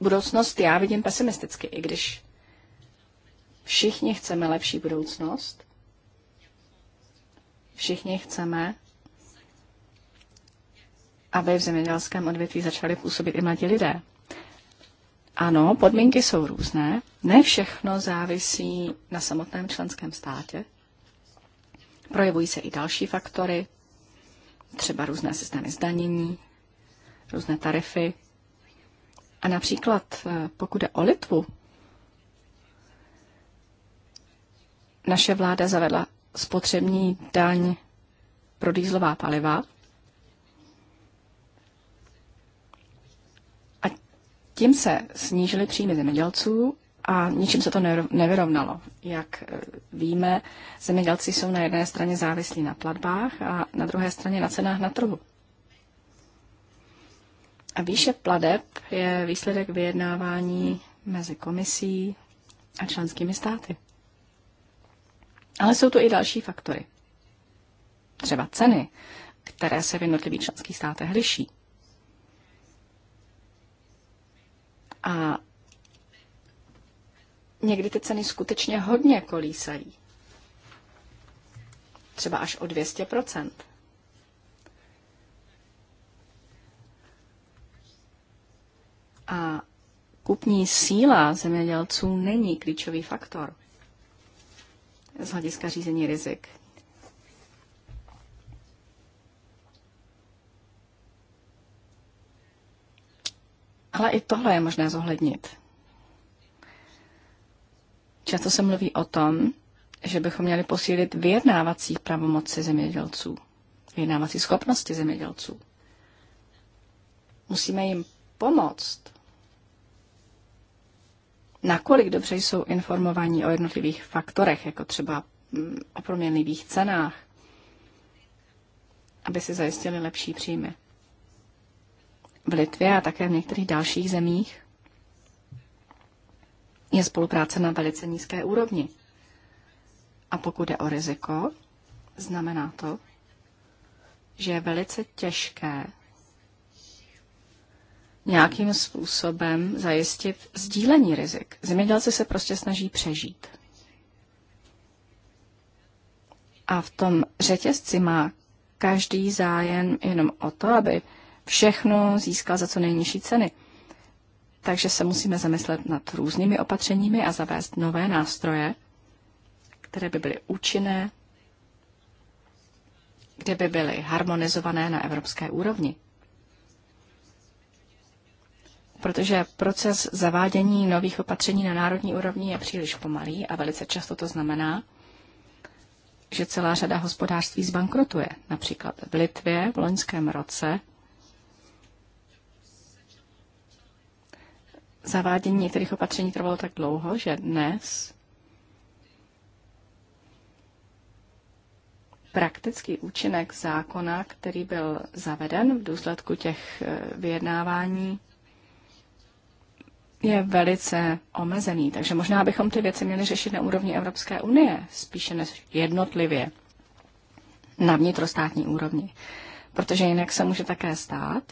budoucnost já vidím pesimisticky, i když všichni chceme lepší budoucnost, všichni chceme, aby v zemědělském odvětví začali působit i mladí lidé. Ano, podmínky jsou různé, ne všechno závisí na samotném členském státě. Projevují se i další faktory, třeba různé systémy zdanění, různé tarify. A například, eh, pokud je o Litvu, naše vláda zavedla spotřební daň pro dýzlová paliva. A tím se snížily příjmy zemědělců a ničím se to nevyrovnalo. Jak eh, víme, zemědělci jsou na jedné straně závislí na platbách a na druhé straně na cenách na trhu. A výše pladeb je výsledek vyjednávání mezi komisí a členskými státy. Ale jsou to i další faktory. Třeba ceny, které se v jednotlivých členských státech liší. A někdy ty ceny skutečně hodně kolísají. Třeba až o 200 A kupní síla zemědělců není klíčový faktor z hlediska řízení rizik. Ale i tohle je možné zohlednit. Často se mluví o tom, že bychom měli posílit vyjednávací pravomoci zemědělců, vyjednávací schopnosti zemědělců. Musíme jim pomoct. Nakolik dobře jsou informovaní o jednotlivých faktorech, jako třeba mm, o proměnlivých cenách, aby si zajistili lepší příjmy. V Litvě a také v některých dalších zemích je spolupráce na velice nízké úrovni. A pokud jde o riziko, znamená to, že je velice těžké nějakým způsobem zajistit sdílení rizik. Zemědělci se prostě snaží přežít. A v tom řetězci má každý zájem jenom o to, aby všechno získal za co nejnižší ceny. Takže se musíme zamyslet nad různými opatřeními a zavést nové nástroje, které by byly účinné, kde by byly harmonizované na evropské úrovni. Protože proces zavádění nových opatření na národní úrovni je příliš pomalý a velice často to znamená, že celá řada hospodářství zbankrotuje. Například v Litvě v loňském roce zavádění některých opatření trvalo tak dlouho, že dnes praktický účinek zákona, který byl zaveden v důsledku těch eh, vyjednávání, je velice omezený. Takže možná bychom ty věci měli řešit na úrovni Evropské unie, spíše než jednotlivě na vnitrostátní úrovni. Protože jinak se může také stát,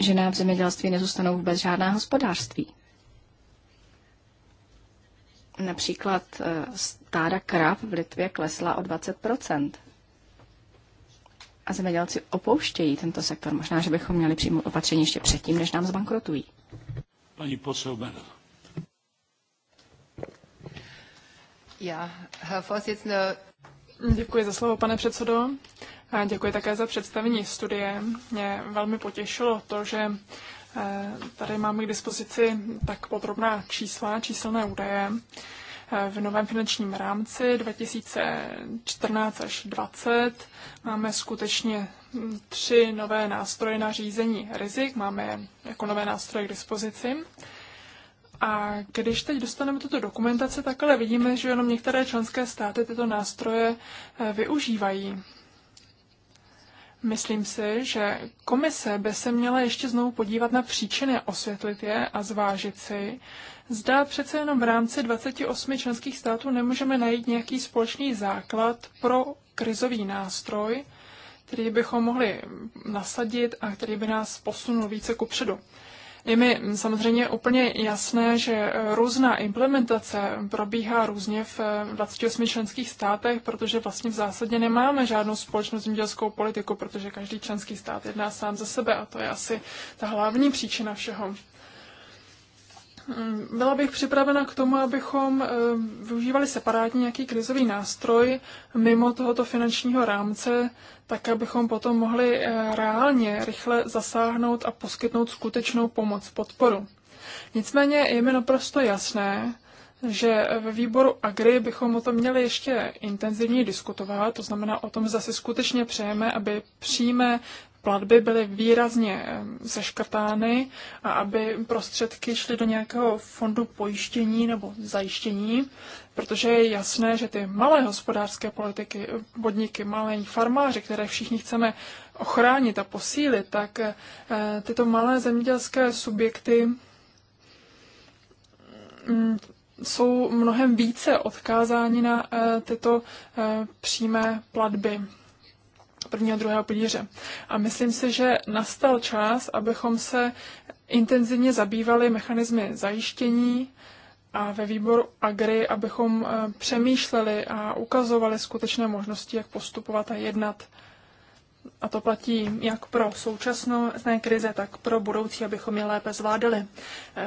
že nám v zemědělství nezůstanou vůbec žádná hospodářství. Například eh, stáda krav v Litvě klesla o 20 a zemědělci opouštějí tento sektor. Možná, že bychom měli přijmout opatření ještě předtím, než nám zbankrotují. Paní Posselberg. Ja, Herr Vorsitzender. Děkuji za slovo, pane předsedo. A děkuji také za představení studie. Mě velmi potěšilo to, že eh, tady máme k dispozici tak podrobná čísla, číselné údaje eh, v novém finančním rámci 2014 až 2020 máme skutečně hm, tři nové nástroje na řízení rizik, máme jako nové nástroje k dispozici. A když teď dostaneme tuto dokumentaci, tak ale vidíme, že jenom některé členské státy tyto nástroje eh, využívají. Myslím si, že komise by se měla ještě znovu podívat na příčiny, osvětlit je a zvážit si. Zdá přece jenom v rámci 28 členských států nemůžeme najít nějaký společný základ pro krizový nástroj, který bychom mohli nasadit a který by nás posunul více kupředu. předu. Je mi samozřejmě úplně jasné, že eh, různá implementace probíhá různě v 28 eh, členských státech, protože vlastně v zásadě nemáme žádnou společnou zemědělskou politiku, protože každý členský stát jedná sám za sebe a to je asi ta hlavní příčina všeho. Mm, byla bych připravena k tomu, abychom eh, využívali separátně nějaký krizový nástroj mimo tohoto finančního rámce, tak abychom potom mohli eh, reálně rychle zasáhnout a poskytnout skutečnou pomoc, podporu. Nicméně je mi naprosto jasné, že ve výboru Agri bychom o tom měli ještě intenzivně diskutovat, to znamená o tom, zda si skutečně přejeme, aby přímé platby byly výrazně eh, seškrtány a aby prostředky šly do nějakého fondu pojištění nebo zajištění, protože je jasné, že ty malé hospodářské politiky, podniky, malé farmáři, které všichni chceme ochránit a posílit, tak eh, tyto malé zemědělské subjekty mm, jsou mnohem více odkázáni na eh, tyto přímé platby prvního druhého pilíře. A myslím si, že nastal čas, abychom se intenzivně zabývali mechanismy zajištění a ve výboru Agri, abychom eh, přemýšleli a ukazovali skutečné možnosti, jak postupovat a jednat a to platí jak pro současné krize, tak pro budoucí, abychom je lépe zvládali.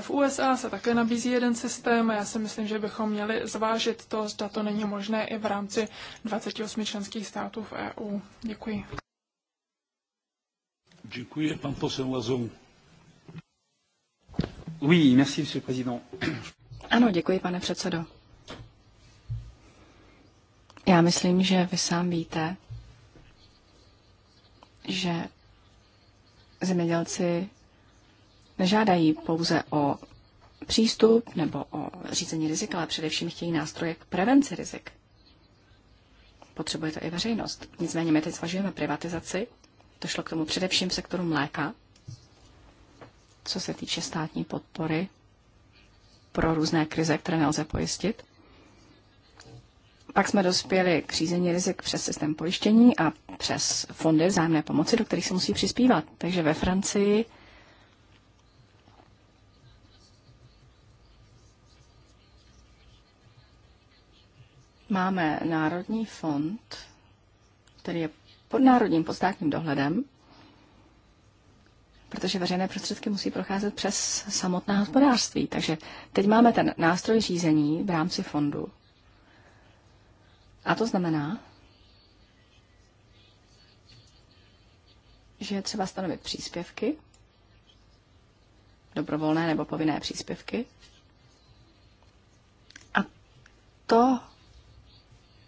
V USA se také nabízí jeden systém a já si myslím, že bychom měli zvážit to, zda to není možné i v rámci 28 členských států v EU. Děkuji. Děkuji, pan posel Lazou. Oui, merci, monsieur le président. Ano, děkuji, pane předsedo. Já myslím, že vy sám víte, že zemědělci nežádají pouze o přístup nebo o řízení rizik, ale především chtějí nástroje k prevenci rizik. Potřebuje to i veřejnost. Nicméně my teď zvažujeme privatizaci. To šlo k tomu především v sektoru mléka, co se týče státní podpory pro různé krize, které nelze pojistit. Pak jsme dospěli k řízení rizik přes systém pojištění a přes fondy vzájemné pomoci, do kterých se musí přispívat. Takže ve Francii máme Národní fond, který je pod národním podstátním dohledem, protože veřejné prostředky musí procházet přes samotné hospodářství. Takže teď máme ten nástroj řízení v rámci fondu. A to znamená, že je třeba stanovit příspěvky, dobrovolné nebo povinné příspěvky. A to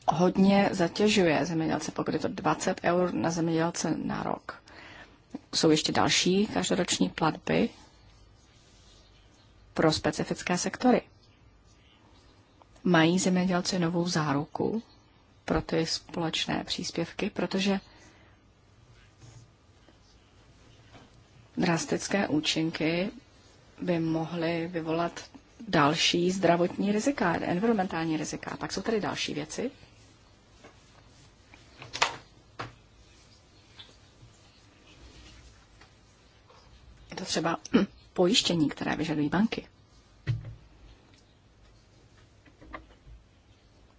hodně zatěžuje zemědělce, pokud je to 20 eur na zemědělce na rok. Jsou ještě další každoroční platby pro specifické sektory. Mají zemědělci novou záruku pro ty společné příspěvky, protože drastické účinky by mohly vyvolat další zdravotní rizika, environmentální rizika. Pak jsou tady další věci. Je to třeba [clears throat] pojištění, které vyžadují banky.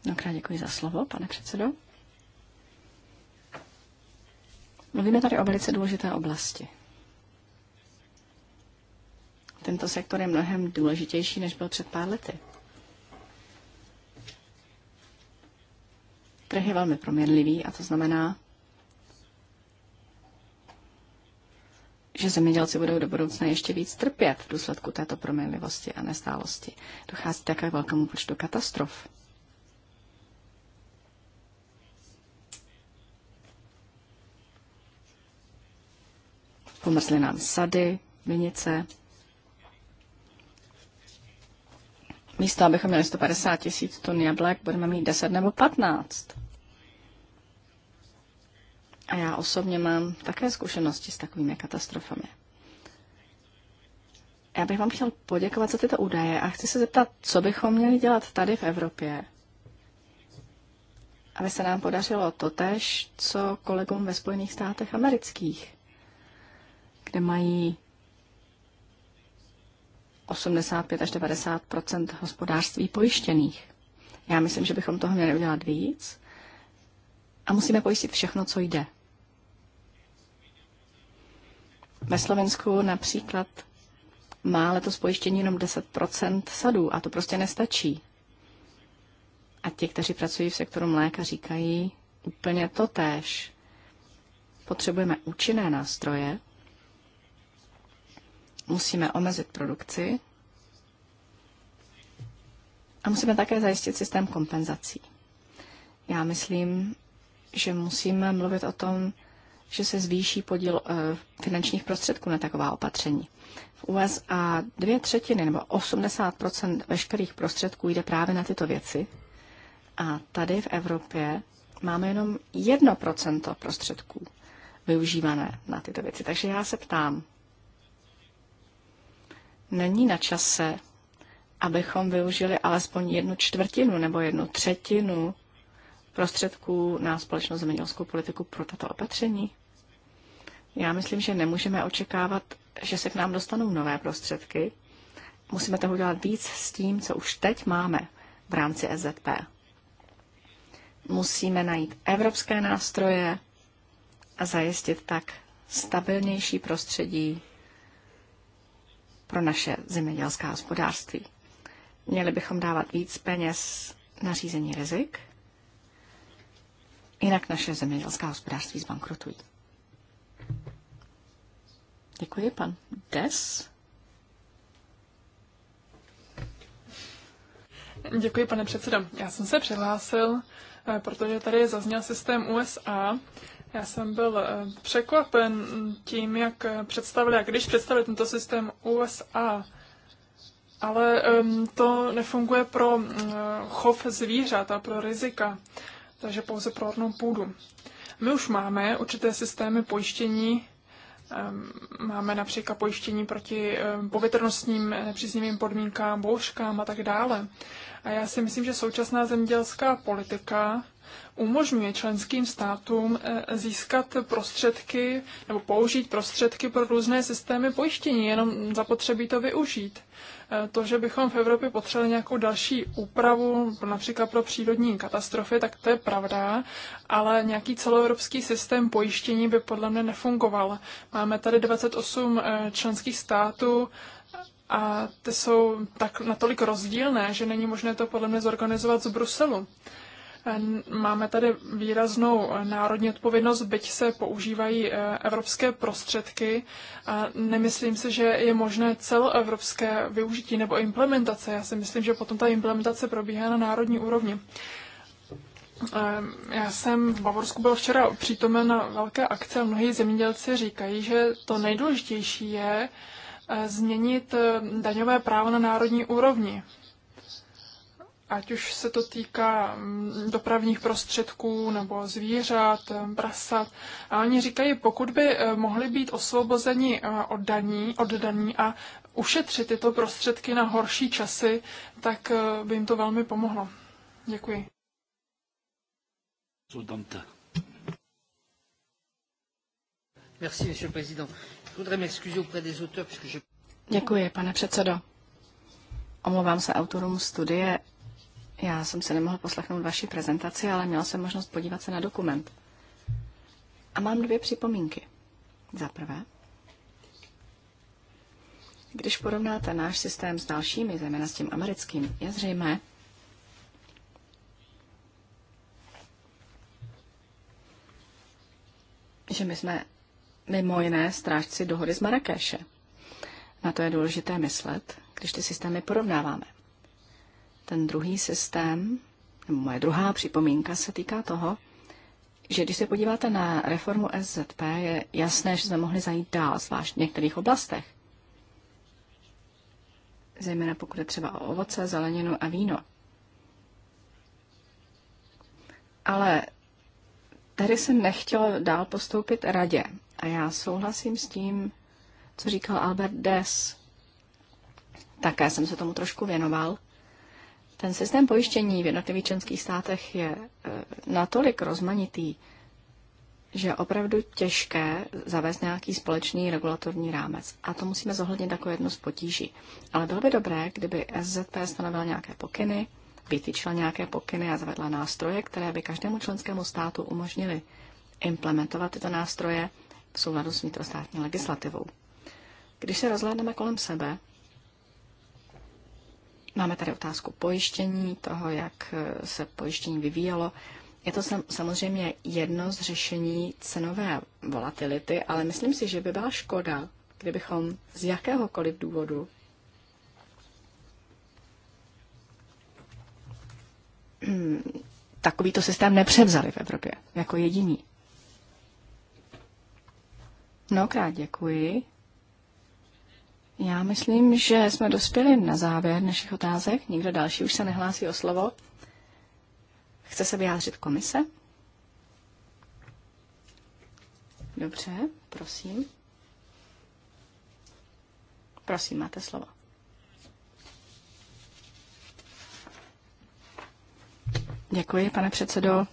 Mnohokrát děkuji za slovo, pane předsedo. Mluvíme tady o velice důležité oblasti. Tento sektor je mnohem důležitější, než byl před pár lety. Trh je velmi proměnlivý a to znamená, že zemědělci budou do budoucna ještě víc trpět v důsledku této proměnlivosti a nestálosti. Dochází také k velkému počtu katastrof. pomrzly nám sady, vinice. Místo, abychom měli 150 tisíc tun jablek, budeme mít 10 nebo 15. A já osobně mám také zkušenosti s takovými katastrofami. Já bych vám chtěl poděkovat za tyto údaje a chci se zeptat, co bychom měli dělat tady v Evropě, aby se nám podařilo totež, co kolegům ve Spojených státech amerických kde mají 85 až 90 hospodářství pojištěných. Já myslím, že bychom toho měli udělat víc a musíme pojistit všechno, co jde. Ve Slovensku například má letos pojištění jenom 10 sadů a to prostě nestačí. A ti, kteří pracují v sektoru mléka, říkají úplně to též. Potřebujeme účinné nástroje, Musíme omezit produkci a musíme také zajistit systém kompenzací. Já myslím, že musíme mluvit o tom, že se zvýší podíl eh, finančních prostředků na taková opatření. V USA dvě třetiny nebo 80 veškerých prostředků jde právě na tyto věci. A tady v Evropě máme jenom 1 prostředků využívané na tyto věci. Takže já se ptám, není na čase, abychom využili alespoň jednu čtvrtinu nebo jednu třetinu prostředků na společnou zemědělskou politiku pro tato opatření? Já myslím, že nemůžeme očekávat, že se k nám dostanou nové prostředky. Musíme toho udělat víc s tím, co už teď máme v rámci EZP. Musíme najít evropské nástroje a zajistit tak stabilnější prostředí pro naše zemědělská hospodářství. Měli bychom dávat víc peněz na řízení rizik, jinak naše zemědělská hospodářství zbankrotují. Děkuji, pan Des. Děkuji, pane předsedo. Já jsem se přihlásil, eh, protože tady zazněl systém USA. Já jsem byl eh, překvapen tím, jak eh, představili, jak když představili tento systém USA, ale to nefunguje pro mm, chov zvířat a pro rizika, takže pouze pro ornou půdu. My už máme určité systémy pojištění Ehm, máme například pojištění proti ehm, povětrnostním nepříznivým podmínkám, bouřkám a tak dále. A já si myslím, že současná zemědělská politika umožňuje členským státům eh, získat prostředky nebo použít prostředky pro různé systémy pojištění, jenom zapotřebí to využít. Eh, to, že bychom v Evropě potřebovali nějakou další úpravu, například pro přírodní katastrofy, tak to je pravda, ale nějaký celoevropský systém pojištění by podle mě nefungoval. Máme tady 28 eh, členských států, a ty jsou tak natolik rozdílné, že není možné to podle mě zorganizovat z Bruselu. Máme tady výraznou eh, národní odpovědnost, byť se používají eh, evropské prostředky. nemyslím si, že je možné celoevropské využití nebo implementace. Já si myslím, že potom ta implementace probíhá na národní úrovni. Já jsem v Bavorsku byl včera přítomen na velké akce a mnohí zemědělci říkají, že to nejdůležitější je eh, změnit daňové právo na národní úrovni ať už se to týká mm, dopravních prostředků nebo zvířat, mm, prasat. A oni říkají, pokud by eh, mohli být osvobozeni eh, od daní, od daní a ušetřit tyto prostředky na horší časy, tak eh, by jim to velmi pomohlo. Děkuji. Děkuji, pane předsedo. Omlouvám se autorům studie já jsem se nemohl poslechnout vaši prezentaci, ale měl jsem možnost podívat se na dokument. A mám dvě připomínky. Za prvé, když porovnáte náš systém s dalšími, zejména s tím americkým, je zřejmé, že my jsme mimo jiné strážci dohody z Marrakeše. Na to je důležité myslet, když ty systémy porovnáváme. Ten druhý systém, nebo moje druhá připomínka se týká toho, že když se podíváte na reformu SZP, je jasné, že jsme mohli zajít dál, zvlášť v některých oblastech. Zejména pokud je třeba o ovoce, zeleninu a víno. Ale tady se nechtělo dál postoupit radě. A já souhlasím s tím, co říkal Albert Des. Také jsem se tomu trošku věnoval. Ten systém pojištění v jednotlivých členských státech je eh, natolik rozmanitý, že je opravdu těžké zavést nějaký společný regulatorní rámec. A to musíme zohlednit jako jednu z potíží. Ale bylo by dobré, kdyby SZP stanovila nějaké pokyny, vytyčila nějaké pokyny a zavedla nástroje, které by každému členskému státu umožnily implementovat tyto nástroje v souladu s vnitrostátní legislativou. Když se rozhlédneme kolem sebe, Máme tady otázku pojištění, toho, jak eh, se pojištění vyvíjelo. Je to samozřejmě jedno z řešení cenové volatility, ale myslím si, že by byla škoda, kdybychom z jakéhokoliv důvodu [clears throat] takovýto systém nepřevzali v Evropě jako jediný. Mnohokrát děkuji. Já myslím, že jsme dospěli na závěr našich otázek. Nikdo další už se nehlásí o slovo. Chce se vyjádřit komise? Dobře, prosím. Prosím, máte slovo. Děkuji, pane předsedo.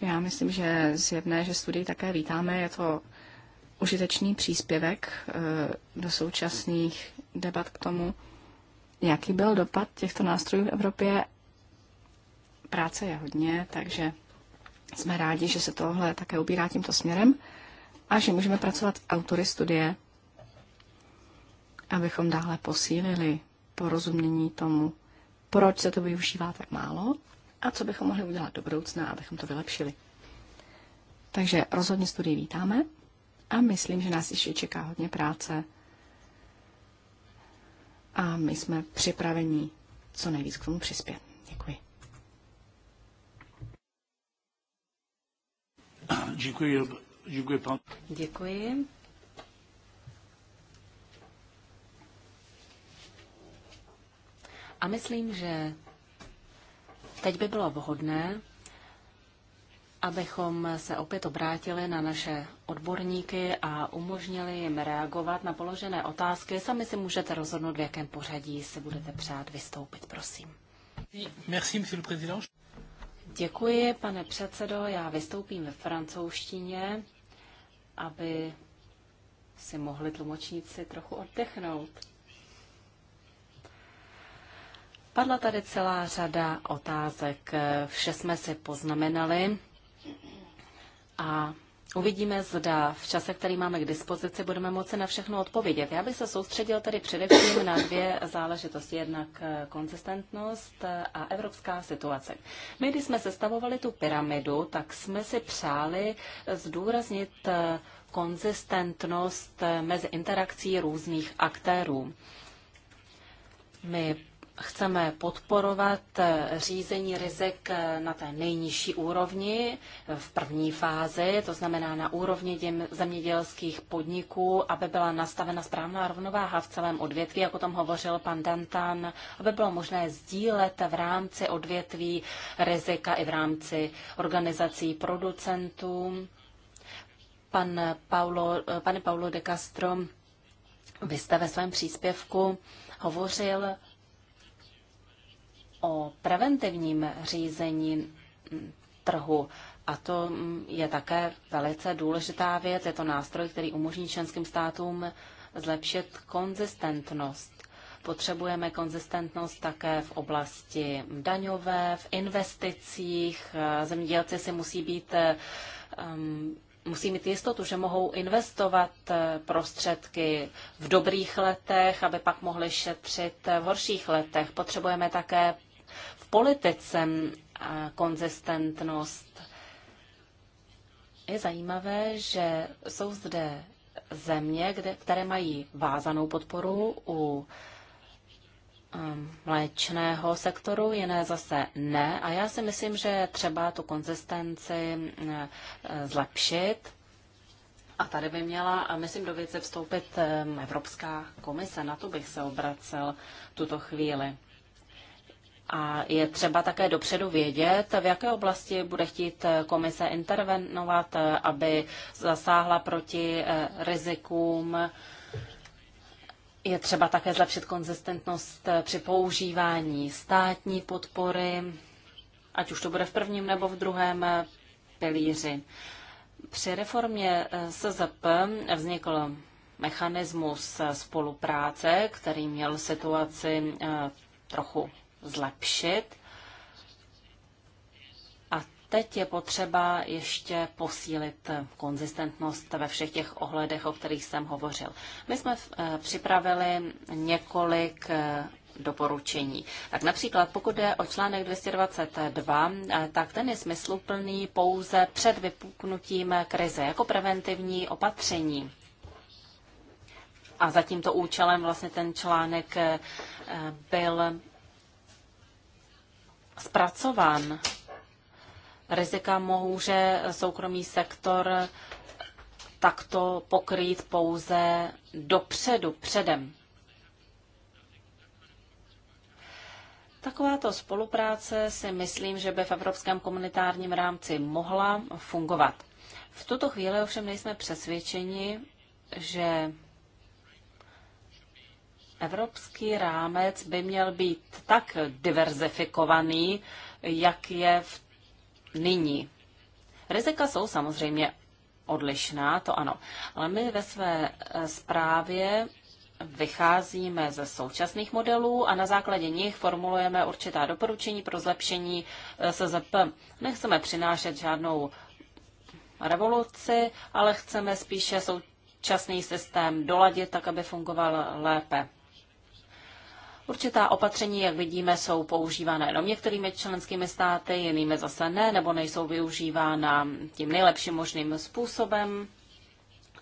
Já myslím, že zjevné, že studii také vítáme. Je to užitečný příspěvek eh, do současných debat k tomu, jaký byl dopad těchto nástrojů v Evropě. Práce je hodně, takže jsme rádi, že se tohle také ubírá tímto směrem a že můžeme pracovat s autory studie, abychom dále posílili porozumění tomu, proč se to využívá tak málo a co bychom mohli udělat do budoucna, abychom to vylepšili. Takže rozhodně studii vítáme a myslím, že nás ještě čeká hodně práce. A my jsme připraveni co nejvíc k tomu přispět. Děkuji. Děkuji. Děkuji, pan. Děkuji. A myslím, že teď by bylo vhodné, abychom se opět obrátili na naše odborníky a umožnili jim reagovat na položené otázky. Sami si můžete rozhodnout, v jakém pořadí si budete přát vystoupit, prosím. Merci, monsieur le président. Děkuji, pane předsedo. Já vystoupím ve francouzštině, aby si mohli tlumočníci trochu oddechnout. Padla tady celá řada otázek. Vše jsme si poznamenali. A uvidíme, zda v čase, který máme k dispozici, budeme moci na všechno odpovědět. Já bych se soustředil tedy především na dvě záležitosti. Jednak eh, konzistentnost eh, a evropská situace. My, když jsme sestavovali tu pyramidu, tak jsme si přáli eh, zdůraznit konzistentnost mezi interakcí různých aktérů. My chceme podporovat eh, řízení rizik eh, na té nejnižší úrovni eh, v první fázi, to znamená na úrovni zemědělských podniků, aby byla nastavena správná rovnováha v celém odvětví, jak o tom hovořil pan Dantan, aby bylo možné sdílet v rámci odvětví rizika i v rámci organizací producentů. Pan Paulo, pane Paulo de Castro, vy jste ve svém příspěvku hovořil o preventivním řízení trhu. A to je také velice důležitá věc. Je to nástroj, který umožní členským státům zlepšit konzistentnost. Potřebujeme konzistentnost také v oblasti daňové, v investicích. Zemědělci si musí být um, musí mít jistotu, že mohou investovat eh, prostředky v dobrých letech, aby pak mohli šetřit v horších letech. Potřebujeme také politice a konzistentnost. Je zajímavé, že jsou zde země, kde, které mají vázanou podporu u um, mléčného sektoru, jiné zase ne. A já si myslím, že třeba tu konzistenci e, zlepšit. A tady by měla, myslím, do věce vstoupit Evropská komise. Na to bych se obracel tuto chvíli. A je třeba také dopředu vědět, v jaké oblasti bude chtít komise intervenovat, aby zasáhla proti eh, rizikům. Je třeba také zlepšit konzistentnost eh, při používání státní podpory, ať už to bude v prvním nebo v druhém eh, pilíři. Při reformě SZP vznikl mechanismus spolupráce, který měl situaci trochu zlepšit. A teď je potřeba ještě posílit konzistentnost ve všech těch ohledech, o kterých jsem hovořil. My jsme eh, připravili několik eh, doporučení. Tak například pokud je o článek 222, eh, tak ten je smysluplný pouze před vypuknutím krize jako preventivní opatření. A za tímto účelem vlastně ten článek byl zpracován. Rizika mohou že soukromý sektor takto pokrýt pouze dopředu, předem. Takováto spolupráce si myslím, že by v evropském komunitárním rámci mohla fungovat. V tuto chvíli ovšem nejsme přesvědčeni, že Evropský rámec by měl být tak diverzifikovaný, jak je v nyní. Rizika jsou samozřejmě odlišná, to ano, ale my ve své eh, zprávě vycházíme ze současných modelů a na základě nich formulujeme určitá doporučení pro zlepšení eh, SZP. Nechceme přinášet žádnou revoluci, ale chceme spíše současný systém doladit tak, aby fungoval lépe. Určitá opatření, jak vidíme, jsou používána jenom některými členskými státy, jinými zase ne, nebo nejsou využívána tím nejlepším možným způsobem.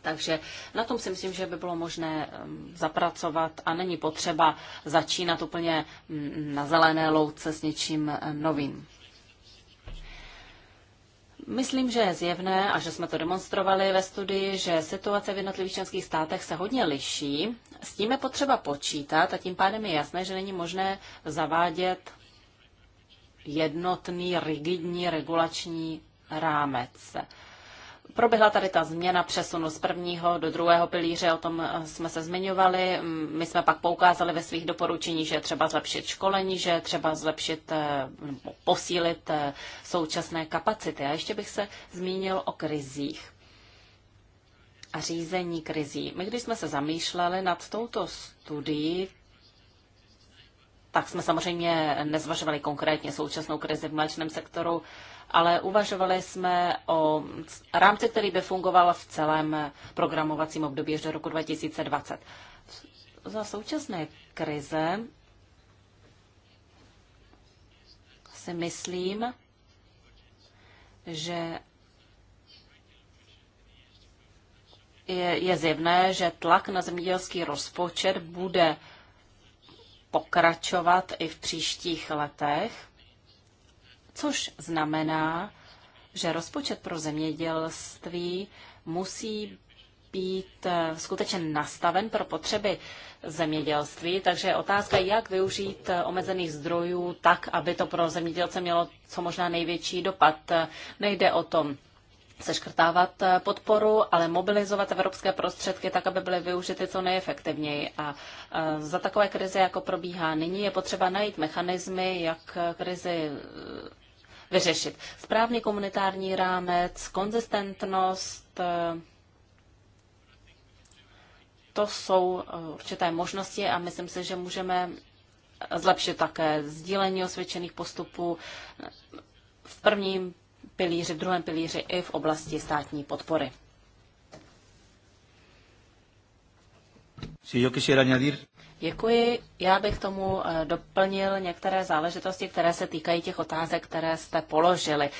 Takže na tom si myslím, že by bylo možné um, zapracovat a není potřeba začínat úplně mm, na zelené louce s něčím eh, novým. Myslím, že je zjevné a že jsme to demonstrovali ve studii, že situace v jednotlivých členských státech se hodně liší. S tím je potřeba počítat a tím pádem je jasné, že není možné zavádět jednotný, rigidní regulační rámec. Proběhla tady ta změna přesunu z prvního do druhého pilíře, o tom eh, jsme se zmiňovali. My jsme pak poukázali ve svých doporučení, že je třeba zlepšit školení, že je třeba zlepšit eh, posílit eh, současné kapacity. A ještě bych se zmínil o krizích a řízení krizí. My, když jsme se zamýšleli nad touto studií, tak jsme samozřejmě nezvažovali konkrétně současnou krizi v mléčném sektoru, ale uvažovali jsme o rámci, který by fungoval v celém programovacím období až do roku 2020. Za současné krize si myslím, že je, je zjevné, že tlak na zemědělský rozpočet bude pokračovat i v příštích letech což znamená, že rozpočet pro zemědělství musí být eh, skutečně nastaven pro potřeby zemědělství, takže je otázka, jak využít eh, omezených zdrojů tak, aby to pro zemědělce mělo co možná největší dopad. Nejde o tom seškrtávat eh, podporu, ale mobilizovat evropské prostředky tak, aby byly využity co nejefektivněji. A za takové krize, jako probíhá nyní, je potřeba najít mechanismy, jak krizi vyřešit. Správný komunitární rámec, konzistentnost, eh, to jsou eh, určité možnosti a myslím si, že můžeme zlepšit také sdílení osvědčených postupů v prvním pilíři, v druhém pilíři i v oblasti státní podpory. Si yo quisiera añadir... Děkuji. Já bych tomu eh, doplnil některé záležitosti, které se týkají těch otázek, které jste položili.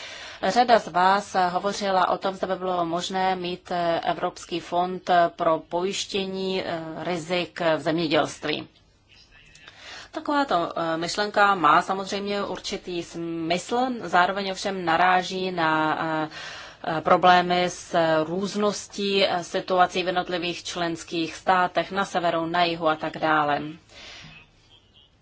Řada z vás eh, hovořila o tom, zda by bylo možné mít eh, Evropský fond pro pojištění rizik v zemědělství. Takováto myšlenka má samozřejmě určitý smysl, zároveň ovšem naráží na Eh, problémy s růzností eh, situací v jednotlivých členských státech na severu, na jihu a tak dále.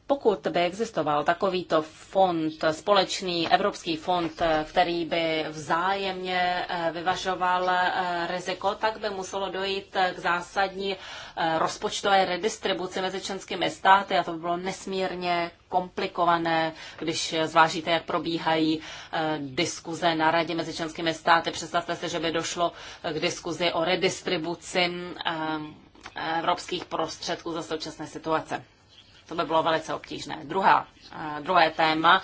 Pokud by existoval takovýto fond, společný evropský fond, který by vzájemně eh, vyvažoval eh, riziko, tak by muselo dojít eh, k zásadní rozpočtové redistribuci mezi členskými státy a to by bylo nesmírně komplikované, když zvážíte, jak probíhají diskuze na radě mezi členskými státy. Představte si, že by došlo k diskuzi o redistribuci evropských prostředků za současné situace. To by bylo velice obtížné. Druhá, eh, druhé téma,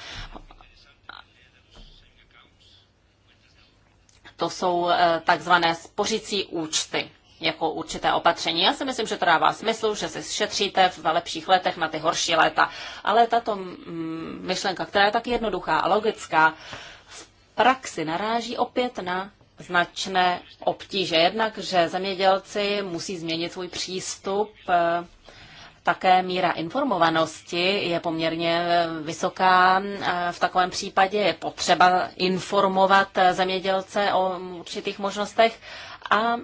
to jsou eh, takzvané spořící účty jako určité opatření. Já si myslím, že to dává smysl, že si šetříte v lepších letech na ty horší léta. Ale tato mm, myšlenka, která je tak jednoduchá a logická, v praxi naráží opět na značné obtíže. Jednak, že zemědělci musí změnit svůj přístup eh, také míra informovanosti je poměrně vysoká. E, v takovém případě je potřeba informovat e, zemědělce o určitých možnostech a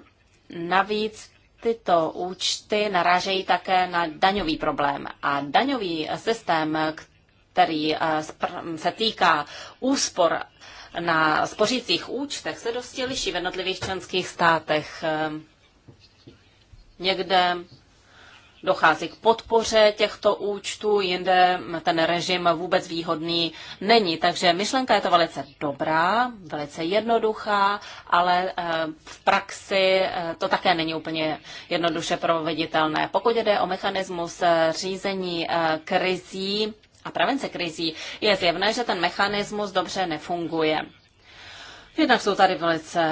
navíc tyto účty narážejí také na daňový problém. A daňový systém, který e, se týká úspor na spořících účtech, se dosti liší v jednotlivých členských státech. Někde dochází k podpoře těchto účtů, jinde ten režim vůbec výhodný není. Takže myšlenka je to velice dobrá, velice jednoduchá, ale eh, v praxi eh, to také není úplně jednoduše proveditelné. Pokud jde o mechanismus eh, řízení krizí a prevence krizí, je zjevné, že ten mechanismus dobře nefunguje. Jednak jsou tady velice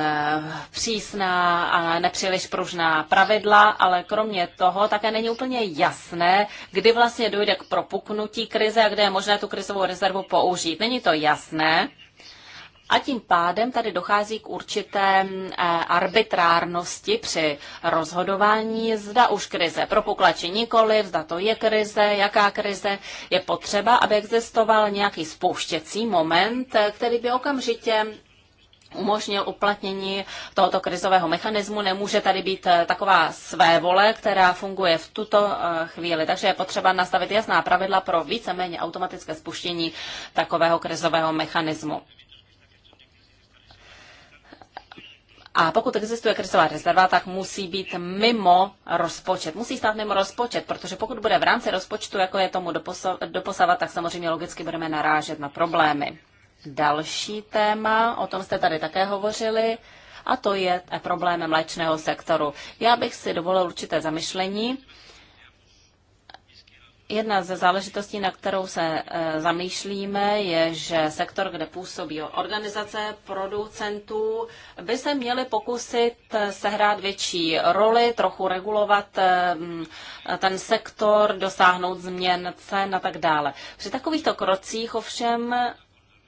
přísná a nepříliš pružná pravidla, ale kromě toho také není úplně jasné, kdy vlastně dojde k propuknutí krize a kde je možné tu krizovou rezervu použít. Není to jasné. A tím pádem tady dochází k určité eh, arbitrárnosti při rozhodování, zda už krize propukla či nikoli, zda to je krize, jaká krize. Je potřeba, aby existoval nějaký spouštěcí moment, eh, který by okamžitě umožnil uplatnění tohoto krizového mechanismu. Nemůže tady být eh, taková své vole, která funguje v tuto eh, chvíli. Takže je potřeba nastavit jasná pravidla pro víceméně automatické spuštění takového krizového mechanismu. A pokud existuje krizová rezerva, tak musí být mimo rozpočet. Musí stát mimo rozpočet, protože pokud bude v rámci rozpočtu, jako je tomu doposavat, tak samozřejmě logicky budeme narážet na problémy další téma, o tom jste tady také hovořili, a to je problém mléčného sektoru. Já bych si dovolil určité zamyšlení. Jedna ze záležitostí, na kterou se e, zamýšlíme, je, že sektor, kde působí organizace producentů, by se měly pokusit e, sehrát větší roli, trochu regulovat e, ten sektor, dosáhnout změn cen a tak dále. Při takovýchto krocích ovšem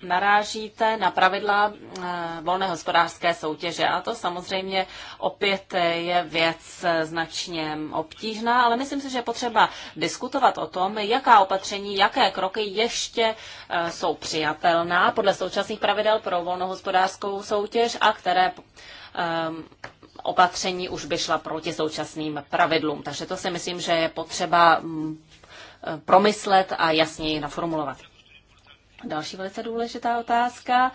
narážíte na pravidla eh, volné hospodářské soutěže. A to samozřejmě opět je věc eh, značně obtížná, ale myslím si, že je potřeba diskutovat o tom, jaká opatření, jaké kroky ještě eh, jsou přijatelná podle současných pravidel pro hospodářskou soutěž a které ehm, opatření už by šla proti současným pravidlům. Takže to si myslím, že je potřeba mm, promyslet a jasněji naformulovat. Další velice důležitá otázka,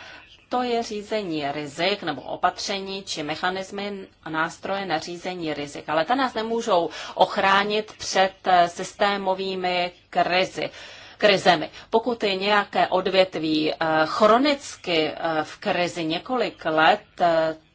to je řízení rizik nebo opatření či mechanismy a nástroje na řízení rizik. Ale ta nás nemůžou ochránit před eh, systémovými krizi krizemi. Pokud je nějaké odvětví eh, chronicky eh, v krizi několik let,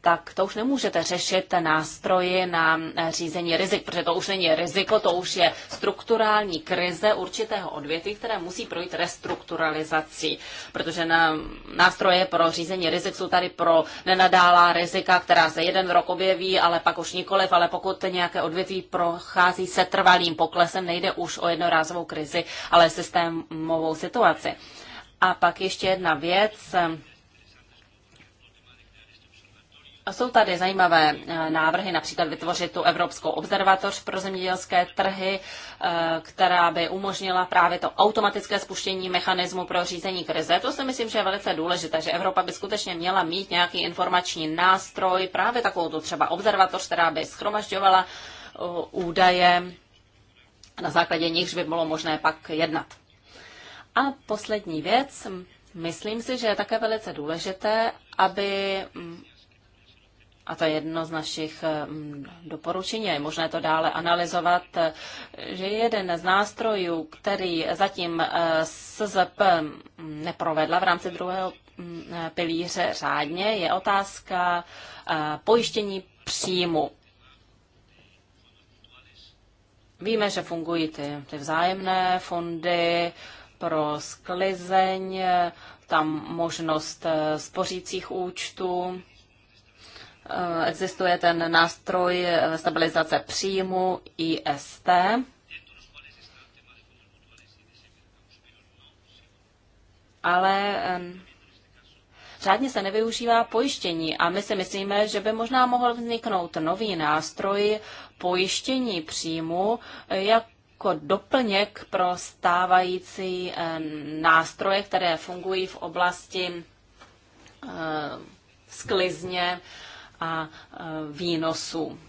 tak to už nemůžete řešit nástroji na eh, řízení rizik, protože to už není riziko, to už je strukturální krize určitého odvětví, které musí projít restrukturalizací, protože na nástroje pro řízení rizik jsou tady pro nenadálá rizika, která se jeden rok objeví, ale pak už nikoliv, ale pokud nějaké odvětví prochází se trvalým poklesem, nejde už o jednorázovou krizi, ale systémovou situaci. A pak ještě jedna věc, jsou tady zajímavé eh, návrhy, například vytvořit tu Evropskou observatoř pro zemědělské trhy, eh, která by umožnila právě to automatické spuštění mechanismu pro řízení krize. To si myslím, že je velice důležité, že Evropa by skutečně měla mít nějaký informační nástroj, právě takovou tu třeba observatoř, která by schromažďovala eh, údaje, na základě nichž by bylo možné pak jednat. A poslední věc. Myslím si, že je také velice důležité, aby mm, a to je jedno z našich mm, doporučení, je možné to dále analyzovat, že jeden z nástrojů, který zatím eh, SZP mm, neprovedla v rámci druhého mm, pilíře řádně, je otázka eh, pojištění příjmu. Víme, že fungují ty, ty vzájemné fondy pro sklizeň, tam možnost eh, spořících účtů. Eh, existuje ten nástroj eh, stabilizace příjmu IST. Ale řádně se nevyužívá pojištění a my si myslíme, že by možná mohl vzniknout nový nástroj pojištění příjmu, eh, jako doplněk pro stávající nástroje, které fungují v oblasti sklizně a e, výnosů.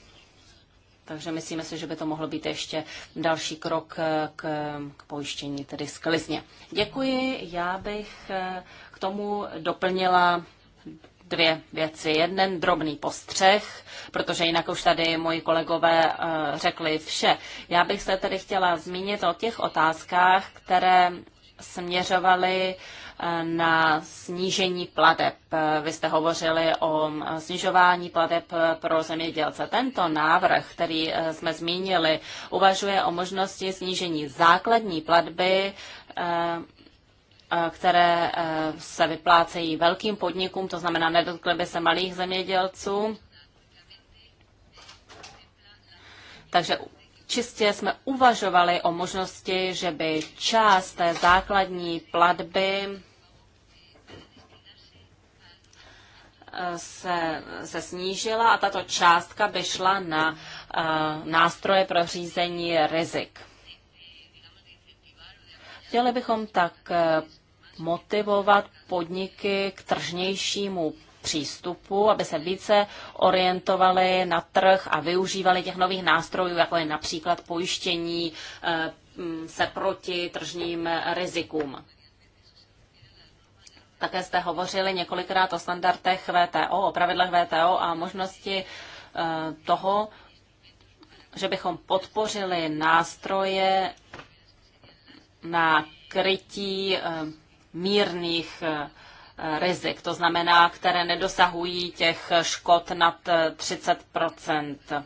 Takže myslíme si, že by to mohl být ještě další krok e, k, k pojištění, tedy sklizně. Děkuji. Já bych e, k tomu doplnila dvě věci. Jeden drobný postřeh, protože jinak už tady moji kolegové řekli vše. Já bych se tedy chtěla zmínit o těch otázkách, které směřovaly na snížení plateb. Vy jste hovořili o snižování plateb pro zemědělce. Tento návrh, který eh, jsme zmínili, uvažuje o možnosti snížení základní platby eh, eh, které se vyplácejí velkým podnikům, to znamená nedotkly by se malých zemědělců. Takže čistě jsme uvažovali o možnosti, že by část té základní platby eh, se, se snížila a tato částka by šla na eh, nástroje pro řízení rizik. Chtěli bychom tak eh, motivovat podniky k tržnějšímu přístupu, aby se více orientovali na trh a využívali těch nových nástrojů, jako je například pojištění eh, mm, se proti tržním rizikům. Také jste hovořili několikrát o standardech VTO, o pravidlech VTO a možnosti eh, toho, že bychom podpořili nástroje na krytí eh, mírných Eh, rizik, to znamená, které nedosahují těch škod nad 30 eh,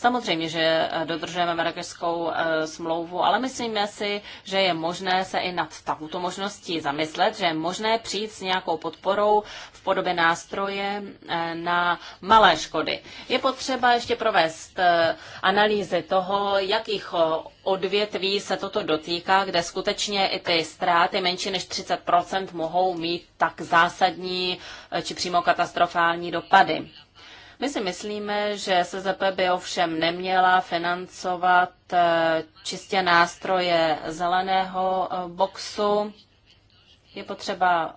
Samozřejmě, že eh, dodržujeme Marrakešskou eh, smlouvu, ale myslíme si, že je možné se i nad takovou možností zamyslet, že je možné přijít s nějakou podporou v podobě nástroje eh, na malé škody. Je potřeba ještě provést analýzy toho, jakých odvětví se toto dotýká, kde skutečně i ty ztráty menší než 30 mohou mít tak zásadní či přímo katastrofální dopady. My si myslíme, že SZP by ovšem neměla financovat eh, čistě nástroje zeleného eh, boxu. Je potřeba eh,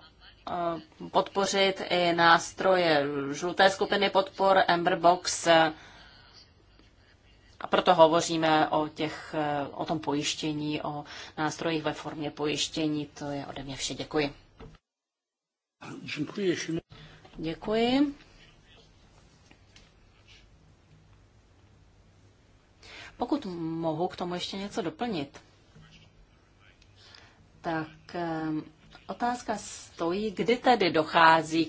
podpořit i nástroje žluté skupiny podpor Amber Box. A proto hovoříme o, těch, o tom pojištění, o nástrojích ve formě pojištění. To je ode mě vše. Děkuji. Děkuji. Děkuji. Pokud mohu k tomu ještě něco doplnit, tak ehm, otázka stojí, kdy tedy dochází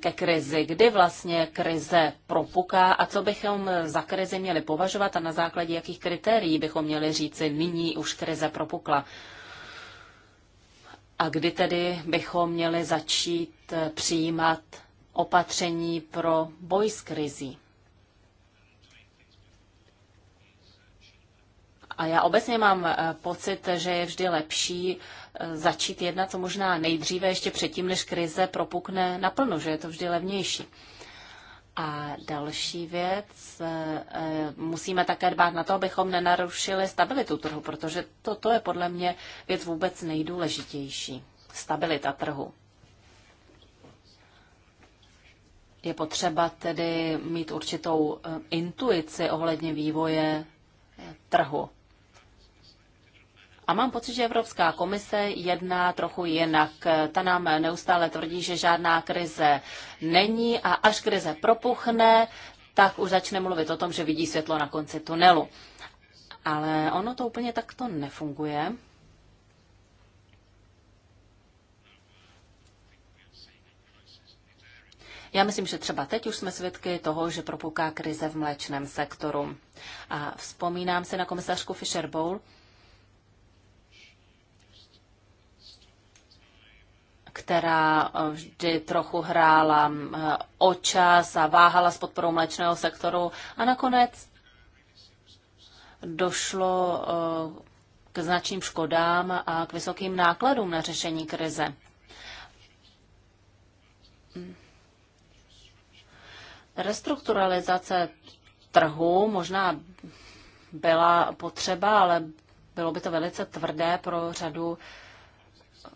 ke krizi, kdy vlastně krize propuká a co bychom za krizi měli považovat a na základě jakých kritérií bychom měli říci, nyní už krize propukla. A kdy tedy bychom měli začít eh, přijímat opatření pro boj s krizí? A já obecně mám eh, pocit, že je vždy lepší eh, začít jednat co možná nejdříve, ještě předtím, než krize propukne naplno, že je to vždy levnější. A další věc, eh, musíme také dbát na to, abychom nenarušili stabilitu trhu, protože to, to je podle mě věc vůbec nejdůležitější. Stabilita trhu. Je potřeba tedy mít určitou intuici ohledně vývoje trhu. A mám pocit, že Evropská komise jedná trochu jinak. Ta nám neustále tvrdí, že žádná krize není a až krize propuchne, tak už začne mluvit o tom, že vidí světlo na konci tunelu. Ale ono to úplně takto nefunguje. Já myslím, že třeba teď už jsme svědky toho, že propuká krize v mléčném sektoru. A vzpomínám se na komisařku Fisher Bowl, která eh, vždy trochu hrála eh, o čas a váhala s podporou mléčného sektoru a nakonec došlo eh, k značným škodám a k vysokým nákladům na řešení krize. Restrukturalizace trhu možná byla potřeba, ale bylo by to velice tvrdé pro řadu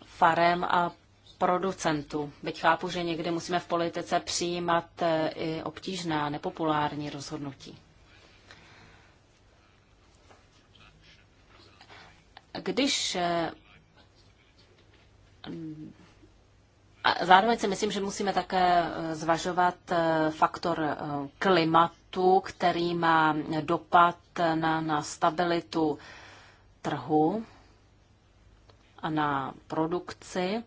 farem a producentů. Byť chápu, že někdy musíme v politice přijímat e, i obtížná, nepopulární rozhodnutí. Když e, a zároveň si myslím, že musíme také e, zvažovat faktor klimatu, který má dopad na, na stabilitu trhu a na produkci.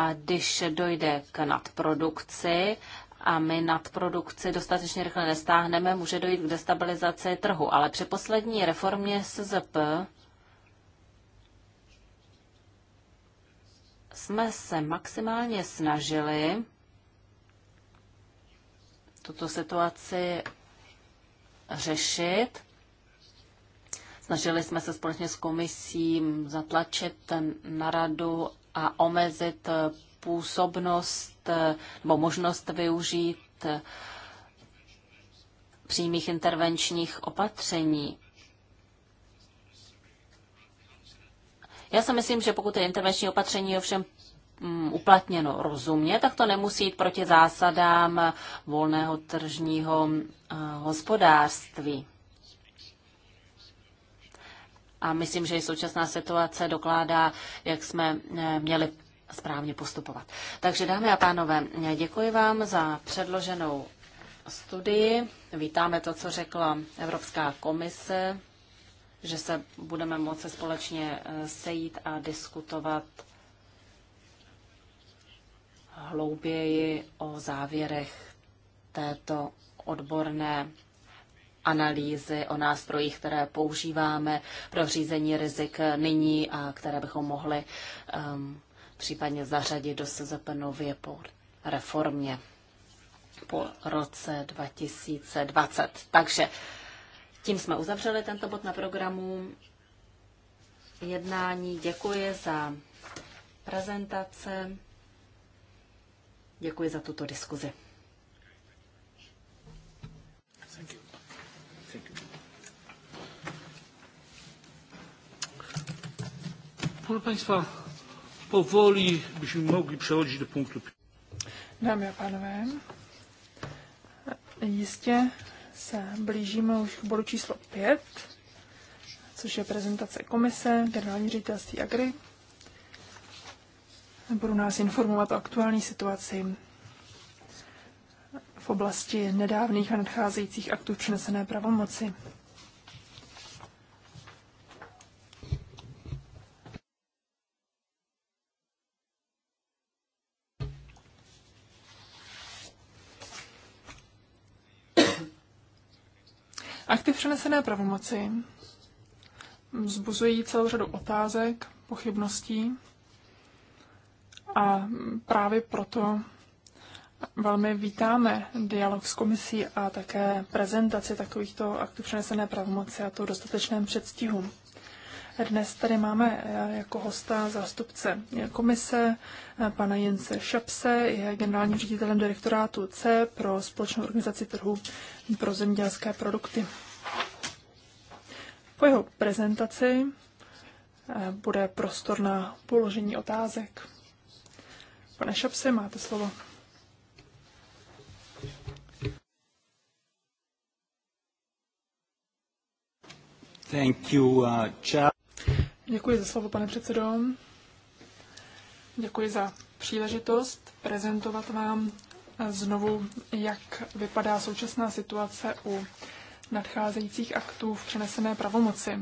A když dojde k nadprodukci a my nadprodukci dostatečně rychle nestáhneme, může dojít k destabilizaci trhu. Ale při poslední reformě SZP jsme se maximálně snažili tuto situaci řešit. Snažili jsme se společně s komisí zatlačit na radu, a omezit působnost eh, nebo možnost využít eh, přímých intervenčních opatření. Já si myslím, že pokud je intervenční opatření ovšem mm, uplatněno rozumně, tak to nemusí jít proti zásadám volného tržního eh, hospodářství a myslím, že i současná situace dokládá, jak jsme eh, měli správně postupovat. Takže dámy a pánové, děkuji vám za předloženou studii. Vítáme to, co řekla Evropská komise, že se budeme moci společně eh, sejít a diskutovat hlouběji o závěrech této odborné analýzy o nástrojích, které používáme pro řízení rizik nyní a které bychom mohli um, případně zařadit do SZP nově po reformě po roce 2020. Takže tím jsme uzavřeli tento bod na programu jednání. Děkuji za prezentace. Děkuji za tuto diskuzi. Proszę Państwa, powoli byśmy mogli przechodzić do punktu. Dámy a pánové, jistě se blížíme už k bodu číslo 5, což je prezentace komise Generální ředitelství Agri. Budu nás informovat o aktuální situaci v oblasti nedávných a nadcházejících aktů přenesené pravomoci. Aktiv přenesené pravomoci vzbuzují celou řadu otázek, pochybností a právě proto velmi vítáme dialog s komisí a také prezentaci takovýchto aktů přenesené pravomoci a to dostatečném předstihu. Dnes tady máme eh, jako hosta zástupce eh, komise eh, pana Jence Šapse, je generálním ředitelem direktorátu C pro společnou organizaci trhu pro zemědělské produkty. Po jeho prezentaci bude prostor na položení otázek. Pane Šapse, máte slovo. Thank you, uh, Děkuji za slovo, pane předsedo. Děkuji za příležitost prezentovat vám eh, znovu, jak vypadá současná situace u nadcházejících aktů v přenesené pravomoci.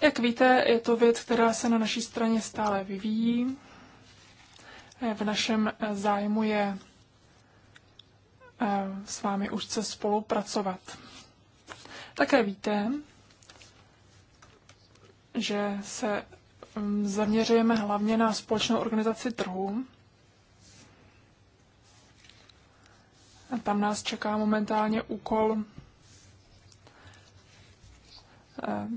Jak víte, je to věc, která se na naší straně stále vyvíjí. Eh, v našem eh, zájmu je s vámi se spolupracovat. Také víte, že se mm, zaměřujeme hlavně na společnou organizaci trhu. A tam nás čeká momentálně úkol, eh,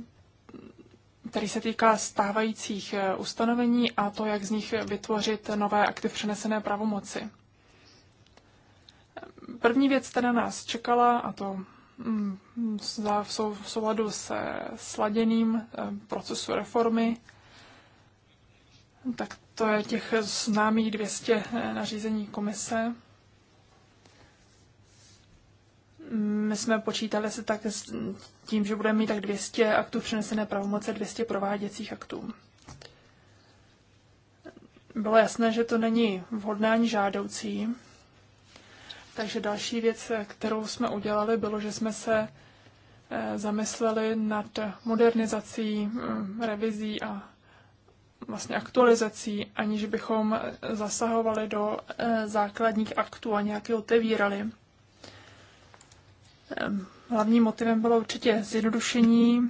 který se týká stávajících eh, ustanovení a to, jak z nich vytvořit nové aktiv přenesené pravomoci. První věc, která nás čekala, a to Mm, v souladu se sladěným eh, procesu reformy, tak to je těch známých 200 eh, nařízení komise. My jsme počítali se tak s tím, že budeme mít tak 200 aktů přenesené pravomoce, 200 prováděcích aktů. Bylo jasné, že to není vhodné ani žádoucí, takže další věc, kterou jsme udělali, bylo, že jsme se eh, zamysleli nad modernizací, mm, revizí a vlastně aktualizací, aniž bychom zasahovali do eh, základních aktů a nějaké otevírali. Eh, hlavním motivem bylo určitě zjednodušení,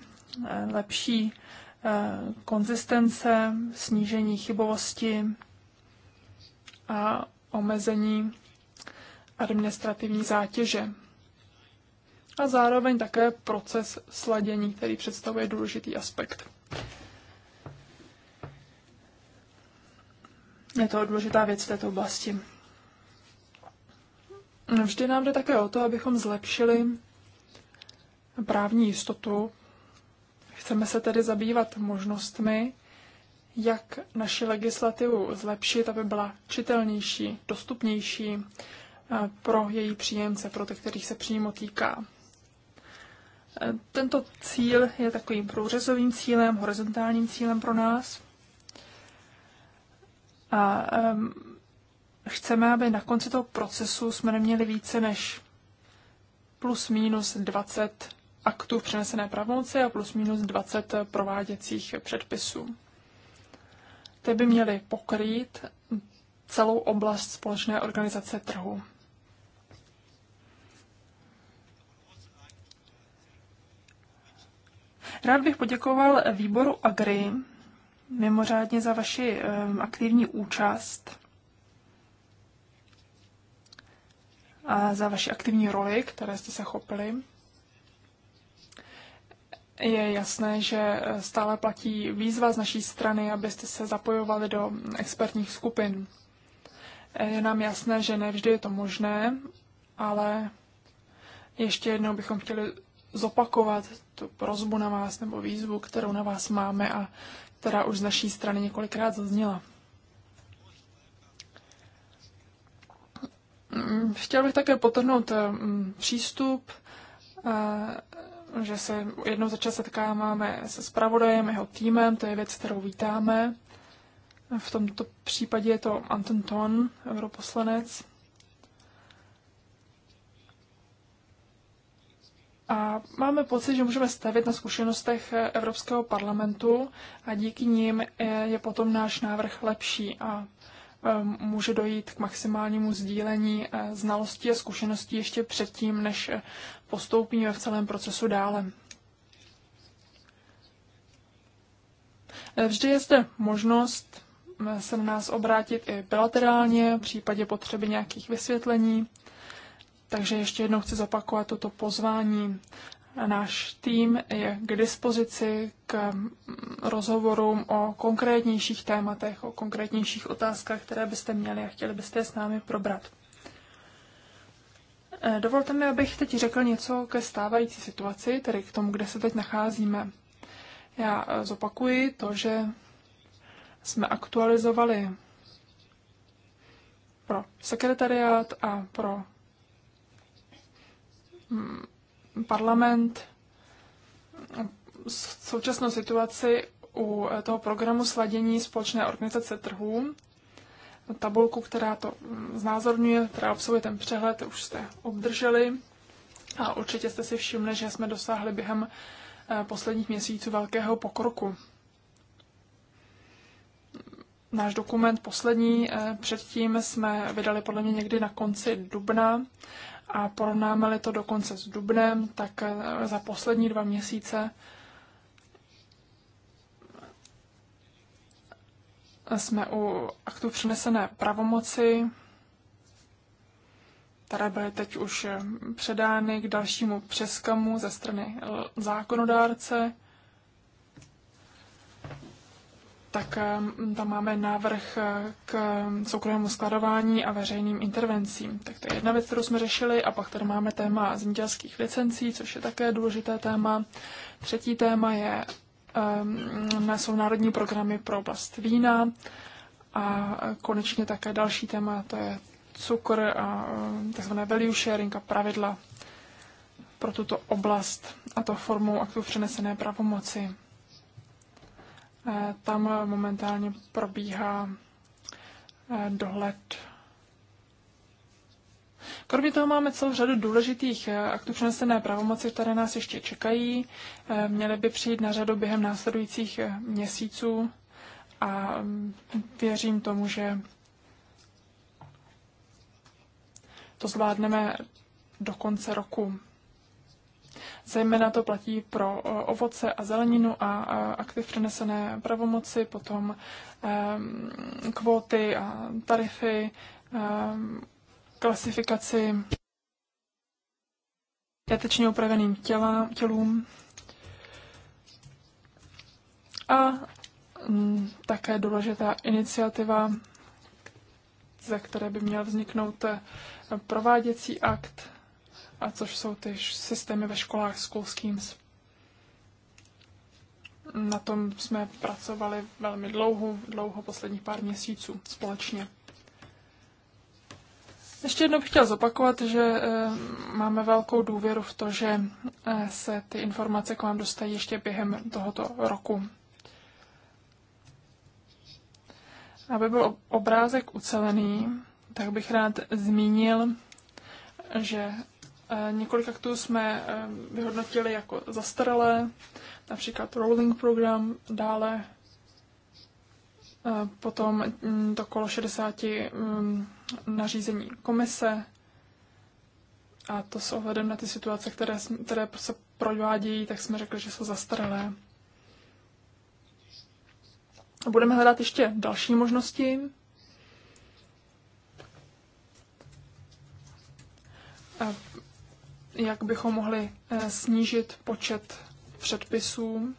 lepší konzistence, snížení chybovosti a omezení administrativní zátěže. A zároveň také proces sladění, který představuje důležitý aspekt. Je to důležitá věc v této oblasti. Vždy nám jde také o to, abychom zlepšili právní jistotu. Chceme se tedy zabývat možnostmi, jak naši legislativu zlepšit, aby byla čitelnější, dostupnější, pro její příjemce, pro ty, kterých se přímo týká. Tento cíl je takovým průřezovým cílem, horizontálním cílem pro nás. A um, chceme, aby na konci toho procesu jsme neměli více než plus minus 20 aktů v přenesené pravomoci a plus minus 20 prováděcích předpisů. Ty by měly pokrýt celou oblast společné organizace trhu. Rád bych poděkoval výboru Agri mimořádně za vaši aktivní účast a za vaši aktivní roli, které jste se chopili. Je jasné, že e, stále platí výzva z naší strany, abyste se zapojovali do expertních skupin. Je nám jasné, že nevždy je to možné, ale ještě jednou bychom chtěli zopakovat tu prozbu na vás nebo výzvu, kterou na vás máme a která už z naší strany několikrát zazněla. Mm, chtěl bych také potrhnout mm, přístup, že se jednou za čas setkáváme se spravodajem, jeho týmem, to je věc, kterou vítáme. V tomto případě je to Anton Ton, europoslanec, A máme pocit, že můžeme stavit na zkušenostech Evropského parlamentu a díky nim je potom náš návrh lepší a může dojít k maximálnímu sdílení eh, znalostí a zkušeností ještě předtím, než eh, postoupíme v celém procesu dále. Eh, vždy je zde možnost se na nás obrátit i bilaterálně v případě potřeby nějakých vysvětlení takže ještě jednou chci zopakovat toto pozvání. Náš tým je k dispozici k rozhovorům o konkrétnějších tématech, o konkrétnějších otázkách, které byste měli a chtěli byste s námi probrat. Eh, dovolte mi, abych teď řekl něco ke stávající situaci, tedy k tomu, kde se teď nacházíme. Já eh, zopakuji to, že jsme aktualizovali pro sekretariát a pro parlament současnou situaci u toho programu sladění společné organizace trhů. Tabulku, která to mm, znázorňuje, která obsahuje ten přehled, už jste obdrželi. A určitě jste si všimli, že jsme dosáhli během eh, posledních měsíců velkého pokroku. Náš dokument poslední eh, předtím jsme vydali podle mě někdy na konci dubna a porovnáme-li to dokonce s dubnem, tak eh, za poslední dva měsíce jsme u aktu přenesené pravomoci, které byly teď už eh, předány k dalšímu přeskamu ze strany zákonodárce. tak ehm, tam máme návrh eh, k soukromému skladování a veřejným intervencím. Tak to je jedna věc, kterou jsme řešili. A pak tady máme téma zemědělských licencí, což je také důležité téma. Třetí téma je, um, jsou národní programy pro oblast vína. A eh, konečně také další téma, to je cukr a eh, takzvané value sharing a pravidla pro tuto oblast, a to formou aktu přenesené pravomoci. Eh, tam momentálně probíhá eh, dohled. Kromě toho máme celou řadu důležitých eh, aktů přenesené pravomoci, které nás ještě čekají. Měly by přijít na řadu během následujících měsíců a mm, věřím tomu, že to zvládneme do konce roku. Zejména to platí pro eh, ovoce a zeleninu a aktiv přenesené pravomoci, potom ehm, kvóty a tarify, ehm, klasifikaci jatečně upraveným těla, tělům a mm, také důležitá iniciativa, ze které by měl vzniknout eh, prováděcí akt a což jsou ty systémy ve školách School Schemes. Na tom jsme pracovali velmi dlouho, dlouho posledních pár měsíců společně. Ještě jednou bych chtěl zopakovat, že eh, máme velkou důvěru v to, že eh, se ty informace k vám dostají ještě během tohoto roku. Aby byl obrázek ucelený, tak bych rád zmínil, že Eh, několik aktů jsme eh, vyhodnotili jako zastaralé, například rolling program, dále eh, potom mm, to kolo 60 mm, nařízení komise a to s ohledem na ty situace, které, které se provádějí, tak jsme řekli, že jsou zastaralé. Budeme hledat ještě další možnosti jak bychom mohli eh, snížit počet předpisů.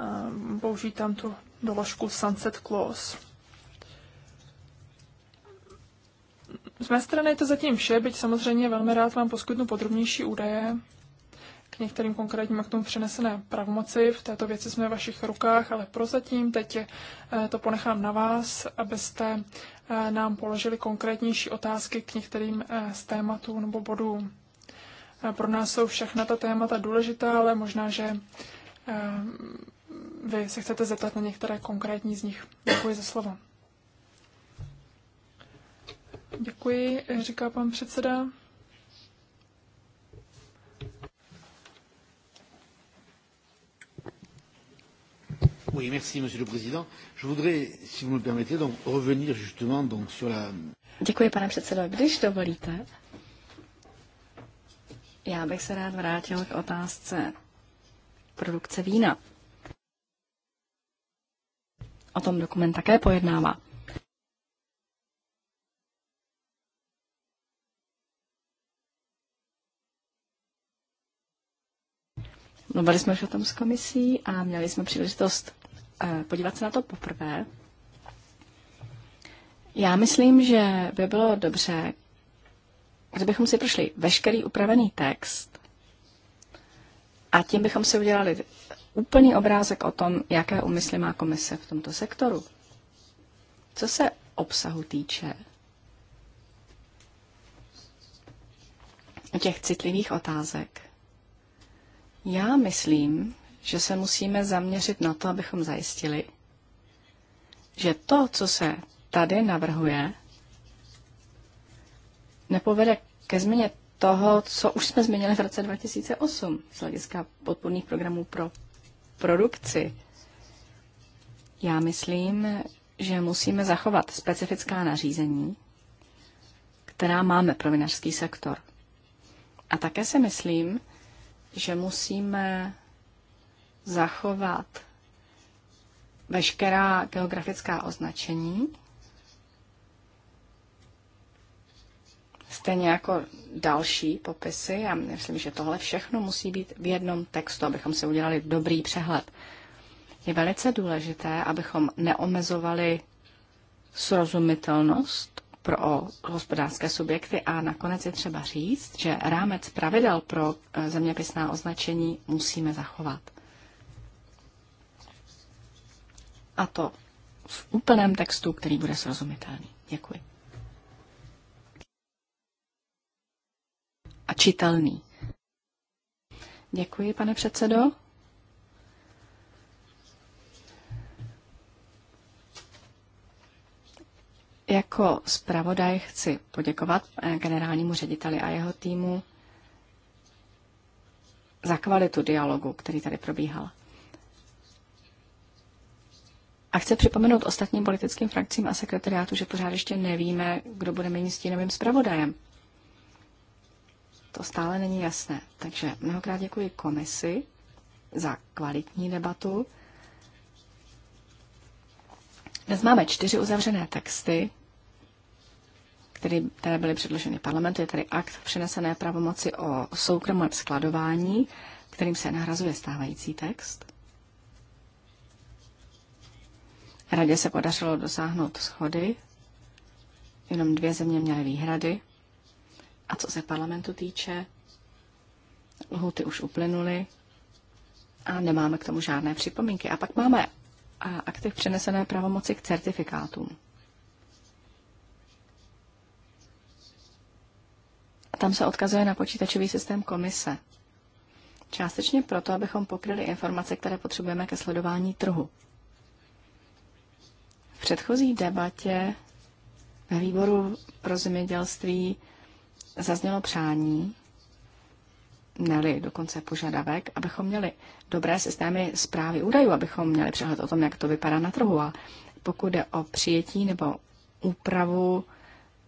Eh, použít tam tu doložku Sunset Clause. Z mé strany je to zatím vše, byť samozřejmě velmi rád vám poskytnu podrobnější údaje k některým konkrétním aktům přenesené pravomoci. V této věci jsme v vašich rukách, ale prozatím teď eh, to ponechám na vás, abyste eh, nám položili konkrétnější otázky k některým eh, z tématů nebo bodů. Pro nás jsou všechna ta témata důležitá, ale možná, že vy se chcete zeptat na některé konkrétní z nich. Děkuji za slovo. Děkuji, říká pan předseda. Oui, merci, Monsieur le Président. Je voudrais, si vous me permettez, donc revenir justement donc sur la. Děkuji, pane předsedo. Když dovolíte, já bych se rád vrátil k otázce produkce vína. O tom dokument také pojednává. Mluvili jsme už o tom s komisí a měli jsme příležitost eh, podívat se na to poprvé. Já myslím, že by bylo dobře, kdybychom si prošli veškerý upravený text a tím bychom si udělali úplný obrázek o tom, jaké úmysly má komise v tomto sektoru. Co se obsahu týče, těch citlivých otázek, já myslím, že se musíme zaměřit na to, abychom zajistili, že to, co se tady navrhuje, nepovede ke změně toho, co už jsme změnili v roce 2008 z hlediska podporných programů pro produkci. Já myslím, že musíme zachovat specifická nařízení, která máme pro vinařský sektor. A také si myslím, že musíme zachovat veškerá geografická označení, stejně jako další popisy. Já myslím, že tohle všechno musí být v jednom textu, abychom si udělali dobrý přehled. Je velice důležité, abychom neomezovali srozumitelnost pro hospodářské subjekty a nakonec je třeba říct, že rámec pravidel pro e, zeměpisná označení musíme zachovat. A to v úplném textu, který bude srozumitelný. Děkuji. A čitelný. Děkuji, pane předsedo. Jako zpravodaj chci poděkovat eh, generálnímu řediteli a jeho týmu za kvalitu dialogu, který tady probíhal. A chci připomenout ostatním politickým frakcím a sekretariátu, že pořád ještě nevíme, kdo bude mým stínovým zpravodajem. To stále není jasné. Takže mnohokrát děkuji komisi za kvalitní debatu. Dnes máme čtyři uzavřené texty který, které byly předloženy parlamentu. Je tady akt přenesené pravomoci o soukromém skladování, kterým se nahrazuje stávající text. Radě se podařilo dosáhnout schody, jenom dvě země měly výhrady. A co se parlamentu týče, lhuty už uplynuly a nemáme k tomu žádné připomínky. A pak máme akty přenesené pravomoci k certifikátům. A tam se odkazuje na počítačový systém komise. Částečně proto, abychom pokryli informace, které potřebujeme ke sledování trhu. V předchozí debatě ve výboru pro zemědělství zaznělo přání, neli dokonce požadavek, abychom měli dobré systémy zprávy údajů, abychom měli přehled o tom, jak to vypadá na trhu. A pokud jde o přijetí nebo úpravu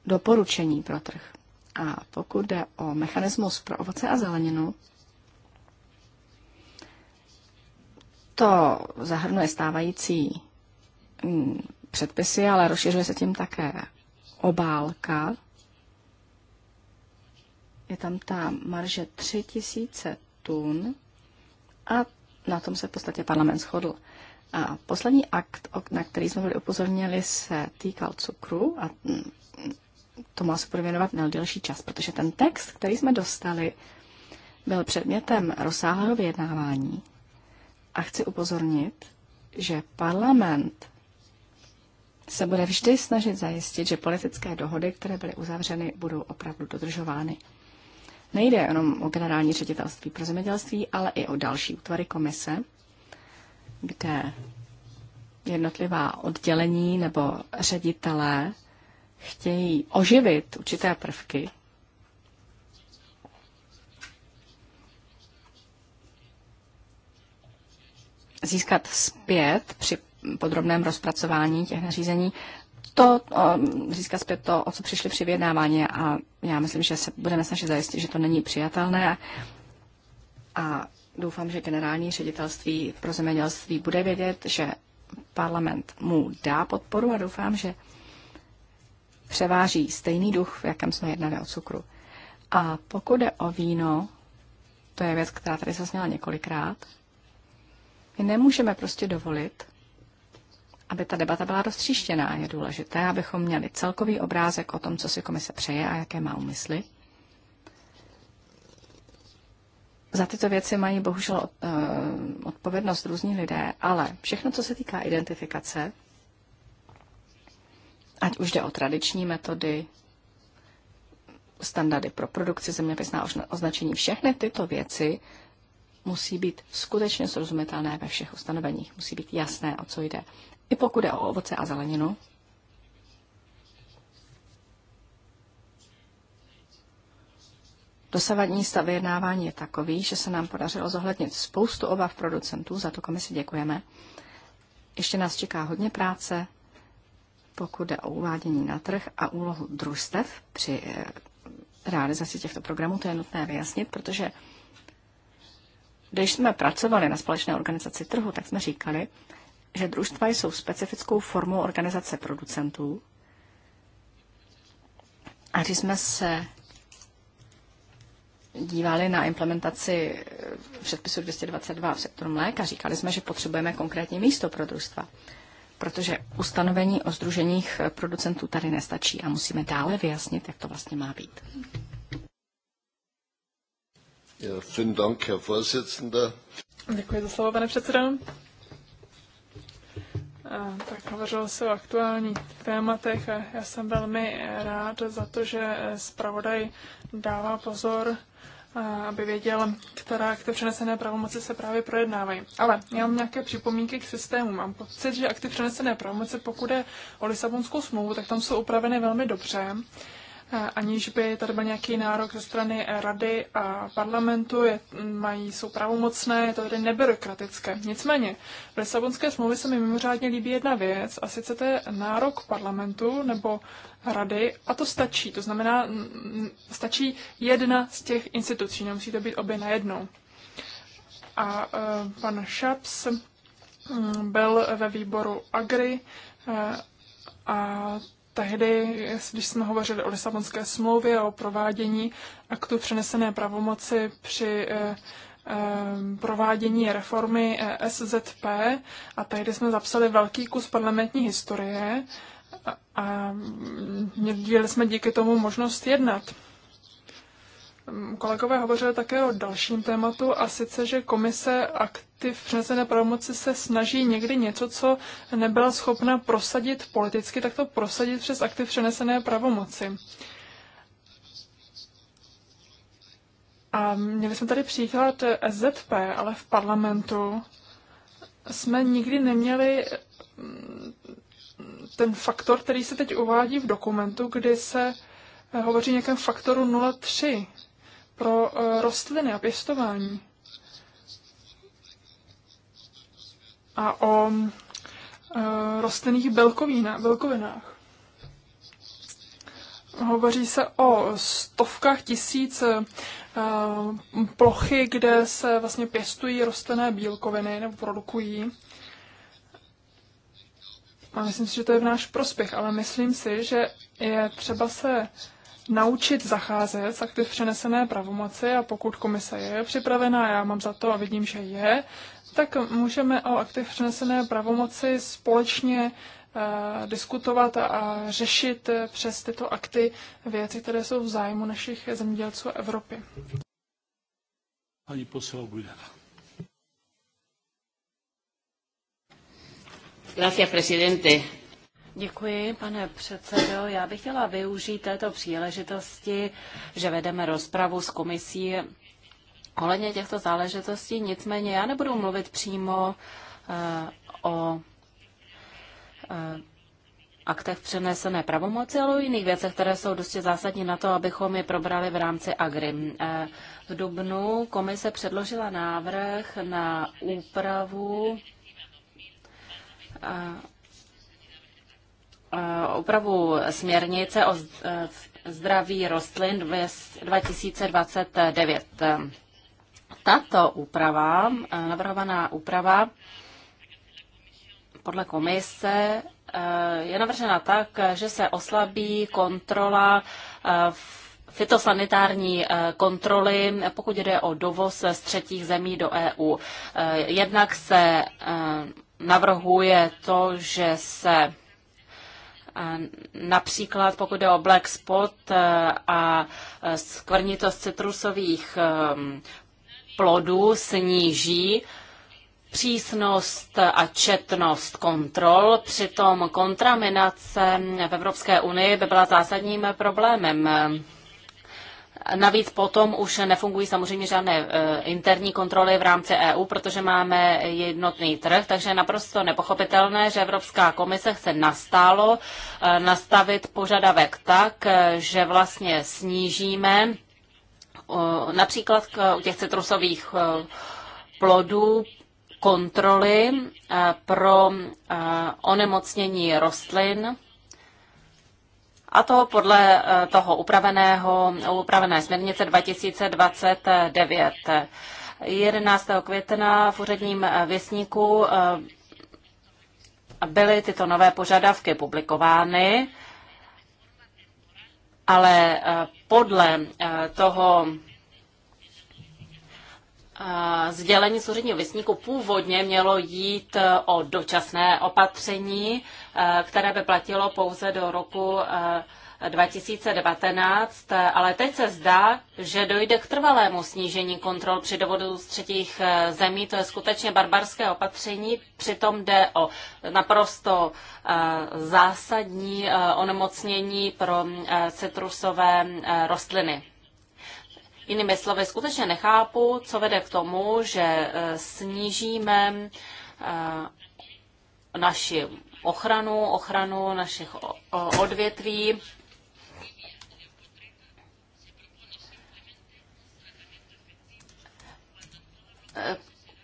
doporučení pro trh. A pokud jde o mechanismus pro ovoce a zeleninu, to zahrnuje stávající mm, předpisy, ale rozšiřuje se tím také obálka. Je tam ta marže 3000 tun a na tom se v podstatě parlament shodl. A poslední akt, na který jsme byli upozorněni, se týkal cukru a mm, tomu asi budu věnovat na delší čas, protože ten text, který jsme dostali, byl předmětem rozsáhlého vyjednávání. A chci upozornit, že parlament se bude vždy snažit zajistit, že politické dohody, které byly uzavřeny, budou opravdu dodržovány. Nejde jenom o generální ředitelství pro zemědělství, ale i o další útvary komise, kde jednotlivá oddělení nebo ředitelé chtějí oživit určité prvky, získat zpět při podrobném rozpracování těch nařízení, to získat zpět to, o co přišli při vyjednávání a já myslím, že se budeme snažit zajistit, že to není přijatelné a doufám, že generální ředitelství pro zemědělství bude vědět, že parlament mu dá podporu a doufám, že převáží stejný duch, v jakém jsme jednali o cukru. A pokud je o víno, to je věc, která tady zazněla několikrát, my nemůžeme prostě dovolit, aby ta debata byla roztříštěná. Je důležité, abychom měli celkový obrázek o tom, co si komise přeje a jaké má úmysly. Za tyto věci mají bohužel eh, odpovědnost různí lidé, ale všechno, co se týká identifikace, Ať už jde o tradiční metody, standardy pro produkci, zeměpisná označení, všechny tyto věci musí být skutečně srozumitelné ve všech ustanoveních. Musí být jasné, o co jde. I pokud jde o ovoce a zeleninu, Dosavadní stav vyjednávání je takový, že se nám podařilo zohlednit spoustu obav producentů, za to komisi děkujeme. Ještě nás čeká hodně práce pokud jde o uvádění na trh a úlohu družstev při eh, realizaci těchto programů, to je nutné vyjasnit, protože když jsme pracovali na společné organizaci trhu, tak jsme říkali, že družstva jsou specifickou formou organizace producentů. A když jsme se dívali na implementaci eh, předpisu 222 v sektoru mléka, říkali jsme, že potřebujeme konkrétní místo pro družstva protože ustanovení o združeních producentů tady nestačí a musíme dále vyjasnit, jak to vlastně má být. vielen Dank, Herr Vorsitzender. Děkuji za slovo, pane předsedo. Tak hovořilo se o aktuálních tématech a já jsem velmi rád za to, že zpravodaj dává pozor aby věděl, která akty přenesené pravomoci se právě projednávají. Ale já mám nějaké připomínky k systému. Mám pocit, že akty přenesené pravomoci, pokud je o Lisabonskou smlouvu, tak tam jsou upraveny velmi dobře aniž by tady byl nějaký nárok ze strany rady a parlamentu, je, mají, jsou pravomocné, je to tedy nebyrokratické. Nicméně, v Lisabonské smlouvě se mi mimořádně líbí jedna věc, a sice to je nárok parlamentu nebo rady, a to stačí. To znamená, stačí jedna z těch institucí, nemusí to být obě najednou. A uh, pan Šaps byl ve výboru Agri, e, a tehdy, když jsme hovořili o Lisabonské smlouvě o provádění aktu přenesené pravomoci při eh, eh, provádění reformy eh, SZP a tehdy jsme zapsali velký kus parlamentní historie a měli jsme díky tomu možnost jednat. Kolegové hovořili také o dalším tématu a sice, že komise aktiv přenesené pravomoci se snaží někdy něco, co nebyla schopna prosadit politicky, tak to prosadit přes aktiv přenesené pravomoci. A měli jsme tady příklad SZP, ale v parlamentu jsme nikdy neměli mm, ten faktor, který se teď uvádí v dokumentu, kdy se hovoří o nějakém faktoru 0,3 pro eh, rostliny a pěstování. A o eh, rostlinných bílkovinách. Hovoří se o stovkách tisíc eh, plochy, kde se vlastně pěstují rostlinné bílkoviny nebo produkují. A myslím si, že to je v náš prospěch, ale myslím si, že je třeba se naučit zacházet s aktiv přenesené pravomoci a pokud komise je připravená, já mám za to a vidím, že je, tak můžeme o aktiv přenesené pravomoci společně eh, diskutovat a, řešit eh, přes tyto akty věci, které jsou v zájmu našich zemědělců a Evropy. Pani posel Guljana. Gracias, presidente. Děkuji, pane předsedo. Já bych chtěla využít této příležitosti, že vedeme rozpravu s komisí ohledně těchto záležitostí. Nicméně já nebudu mluvit přímo uh, o uh, aktech přenesené pravomoci, ale o jiných věcech, které jsou dosti zásadní na to, abychom je probrali v rámci AGRIM. Eh, v Dubnu komise předložila návrh na úpravu Eh, opravu směrnice o eh, zdraví rostlin 2029. Tato úprava, eh, navrhovaná úprava podle komise je navržena tak, že se oslabí kontrola fitosanitární kontroly, pokud jde o dovoz z třetích zemí do EU. Jednak se navrhuje to, že se Například pokud jde o black spot eh, a eh, skvrnitost citrusových ehm, plodů sníží přísnost a četnost kontrol, přitom kontraminace v Evropské unii by byla zásadním problémem. Navíc potom už nefungují samozřejmě žádné e, interní kontroly v rámci EU, protože máme jednotný trh, takže je naprosto nepochopitelné, že Evropská komise chce nastálo e, nastavit požadavek tak, e, že vlastně snížíme například u těch citrusových plodů kontroly pro onemocnění rostlin a to podle eh, toho upraveného, upravené směrnice 2029. 11. května v úředním eh, věstníku eh, byly tyto nové požadavky publikovány, ale podle toho sdělení z úředního věstníku původně mělo jít o dočasné opatření, Eh, které by platilo pouze do roku 2019, eh, eh, ale teď se zdá, že dojde k trvalému snížení kontrol při dovodu z třetích zemí. To je skutečně barbarské opatření. Přitom jde o naprosto zásadní onemocnění pro citrusové rostliny. Jinými slovy, skutečně nechápu, co vede k tomu, že snížíme naši ochranu, ochranu našich odvětví.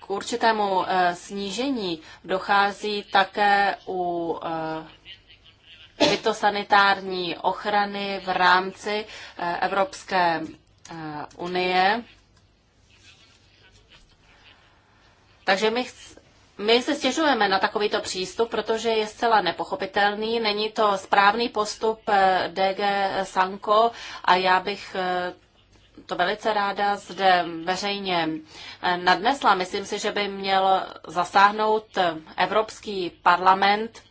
K určitému e, snížení dochází také u e, sanitární ochrany v rámci e, Evropské unie. Takže my my se stěžujeme na takovýto přístup, protože je zcela nepochopitelný, není to správný postup eh, DG Sanko a já bych eh, to velice ráda zde veřejně eh, nadnesla. Myslím si, že by měl zasáhnout Evropský parlament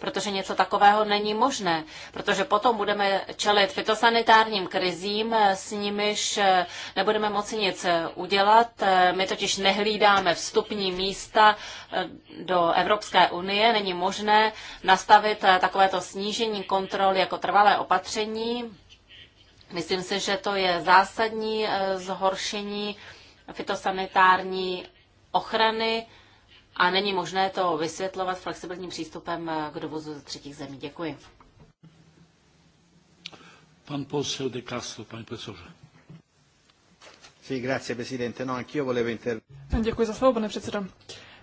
protože něco takového není možné, protože potom budeme čelit fitosanitárním krizím, s nimiž eh, nebudeme moci nic eh, udělat. Eh, my totiž nehlídáme vstupní místa do Evropské unie, není možné nastavit takovéto snížení kontrol jako trvalé opatření. Myslím si, že to je zásadní zhoršení fitosanitární ochrany a není možné to vysvětlovat flexibilním přístupem eh, k dovozu ze třetích zemí. Děkuji. Pan posel de Castro, paní profesorze. No, Děkuji za slovo, pane předsedo.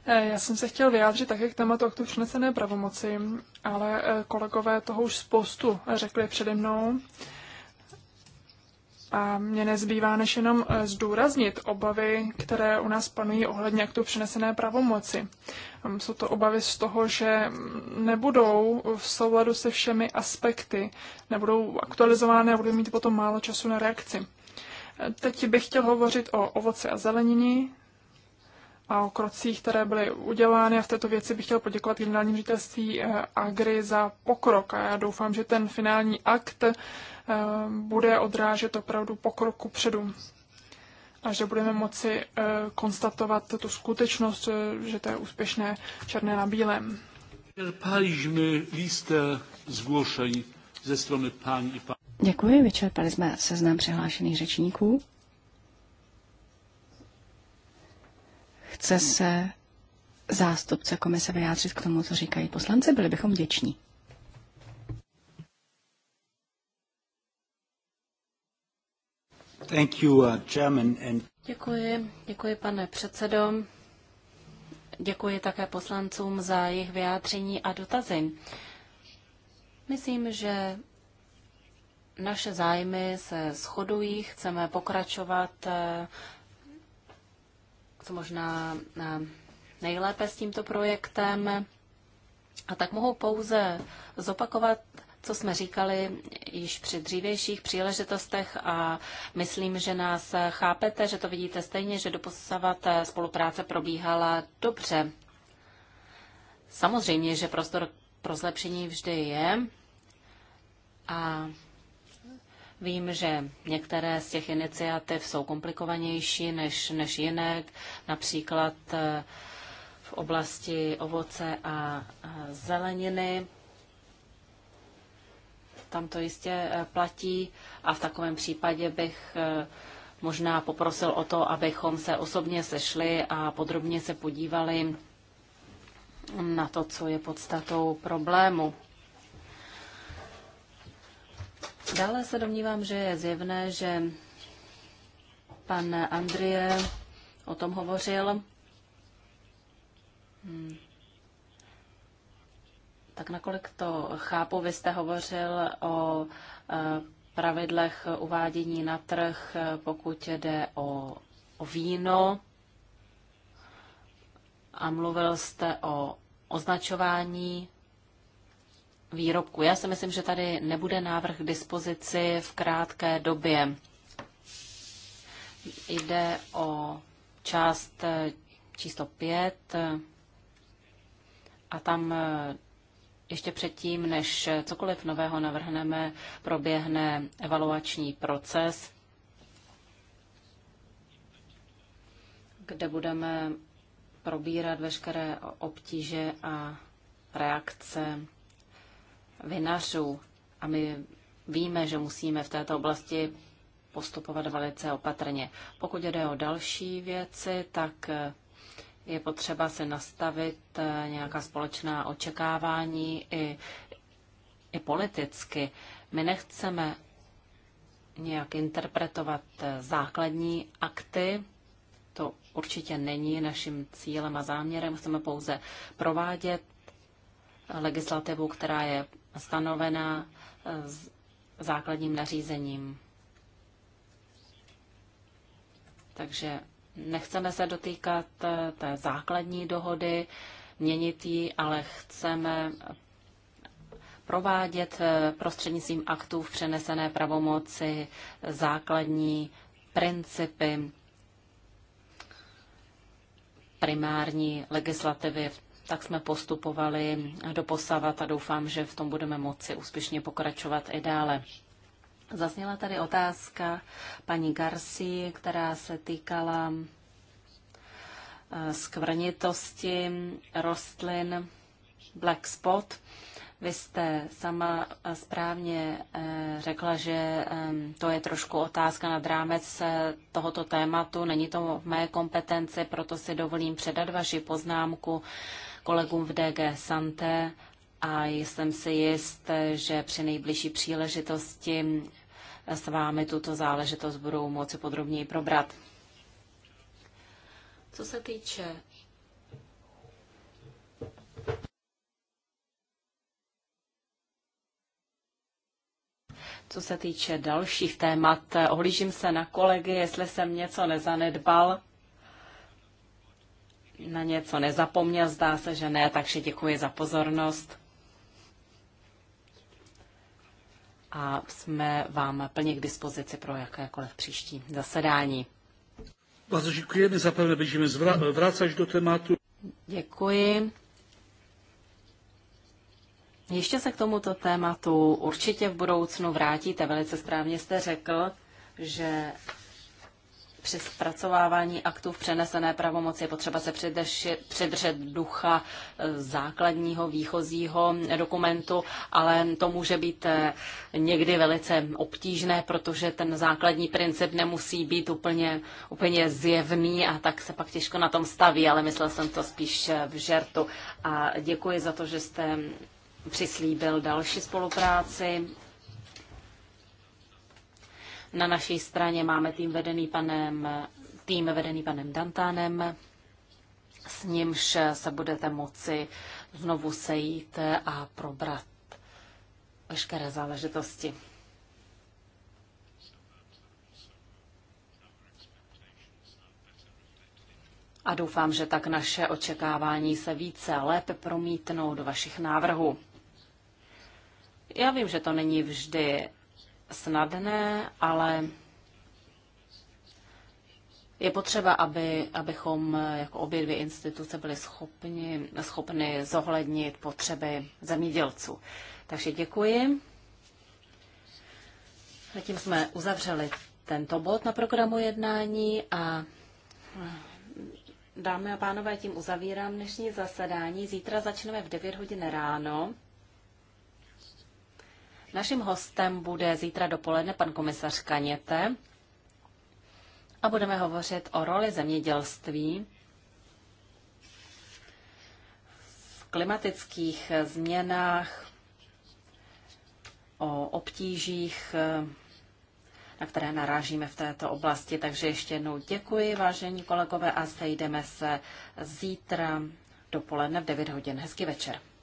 Eh, já jsem se chtěl vyjádřit také k tématu aktu přenesené pravomoci, ale eh, kolegové toho už spoustu řekli přede mnou. A mě nezbývá než jenom eh, zdůraznit obavy, které u nás panují ohledně aktu přenesené pravomoci. Ehm, jsou to obavy z toho, že mm, nebudou v souladu se všemi aspekty, nebudou aktualizované a budou mít potom málo času na reakci. Eh, teď bych chtěl hovořit o ovoce a zelenině a o krocích, které byly udělány a v této věci bych chtěl poděkovat generálním ředitelství eh, Agri za pokrok a já doufám, že ten finální akt Eh, bude odrážet opravdu pokroku předu. A že budeme moci eh, konstatovat tu skutečnost, eh, že to je úspěšné černé na bílém. Čerpaliśmy listy zgłoszeń ze strany paní i Děkuji, vyčerpali jsme seznam přihlášených řečníků. Chce se zástupce komise vyjádřit k tomu, co říkají poslanci, byli bychom děční. Thank you, uh, chairman and... Děkuji, děkuji pane předsedo. Děkuji také poslancům za jejich vyjádření a dotazy. Myslím, že naše zájmy se shodují, chceme pokračovat eh, co možná eh, nejlépe s tímto projektem. A tak mohu pouze zopakovat co jsme říkali již při dřívějších příležitostech a myslím, že nás chápete, že to vidíte stejně, že doposavat spolupráce probíhala dobře. Samozřejmě, že prostor pro zlepšení vždy je a Vím, že některé z těch iniciativ jsou komplikovanější než, než jiné, například eh, v oblasti ovoce a eh, zeleniny tam to jistě eh, platí a v takovém případě bych eh, možná poprosil o to, abychom se osobně sešli a podrobně se podívali na to, co je podstatou problému. Dále se domnívám, že je zjevné, že pan Andrie o tom hovořil. Hmm. Tak nakolik to chápu, vy jste hovořil o eh, pravidlech uvádění na trh, eh, pokud jde o, o víno a mluvil jste o označování výrobku. Já si myslím, že tady nebude návrh k dispozici v krátké době. Jde o část eh, číslo 5 a tam ještě předtím, než cokoliv nového navrhneme, proběhne evaluační proces, kde budeme probírat veškeré obtíže a reakce vinařů. A my víme, že musíme v této oblasti postupovat velice opatrně. Pokud jde o další věci, tak je potřeba se nastavit eh, nějaká společná očekávání i, i politicky. My nechceme nějak interpretovat eh, základní akty, to určitě není naším cílem a záměrem. Chceme pouze provádět legislativu, která je stanovená eh, základním nařízením. Takže Nechceme se dotýkat eh, té základní dohody, měnit ji, ale chceme provádět eh, prostřednictvím aktů v přenesené pravomoci základní principy primární legislativy. Tak jsme postupovali do posavat a doufám, že v tom budeme moci úspěšně pokračovat i dále. Zazněla tady otázka paní Garci, která se týkala eh, skvrnitosti rostlin Black Spot. Vy jste sama správně eh, řekla, že to je trošku otázka nad rámec eh, tohoto tématu. Není to v mé kompetence, proto si dovolím předat vaši poznámku kolegům v DG Santé a jsem si jist, že při nejbližší příležitosti s vámi tuto záležitost budou moci podrobněji probrat. Co se týče Co se týče dalších témat, ohlížím se na kolegy, jestli jsem něco nezanedbal, na něco nezapomněl, zdá se, že ne, takže děkuji za pozornost. a jsme vám plně k dispozici pro jakékoliv příští zasedání. Bardzo děkujeme, zapevně budeme vracet do tématu. Děkuji. Ještě se k tomuto tématu určitě v budoucnu vrátíte. Velice správně jste řekl, že při zpracovávání aktů v přenesené pravomoci je potřeba se předřet ducha eh, základního výchozího dokumentu, ale to může být eh, někdy velice obtížné, protože ten základní princip nemusí být úplně, úplně zjevný a tak se pak těžko na tom staví, ale myslel jsem to spíš eh, v žertu. A děkuji za to, že jste přislíbil další spolupráci na naší straně máme tým vedený panem, tým vedený panem Dantánem, s nímž se budete moci znovu sejít a probrat veškeré záležitosti. a doufám, že tak naše očekávání se více lépe promítnou do vašich návrhů. Já vím, že to není vždy snadné, ale je potřeba, aby, abychom jako obě dvě instituce byly schopni, schopny zohlednit potřeby zemědělců. Takže děkuji. A tím jsme uzavřeli tento bod na programu jednání a dámy a pánové, tím uzavírám dnešní zasedání. Zítra začneme v 9 hodin ráno. Naším hostem bude zítra dopoledne pan komisař Kaněte a budeme hovořit o roli zemědělství v klimatických změnách, o obtížích, na které narážíme v této oblasti. Takže ještě jednou děkuji, vážení kolegové, a sejdeme se zítra dopoledne v 9 hodin. Hezký večer.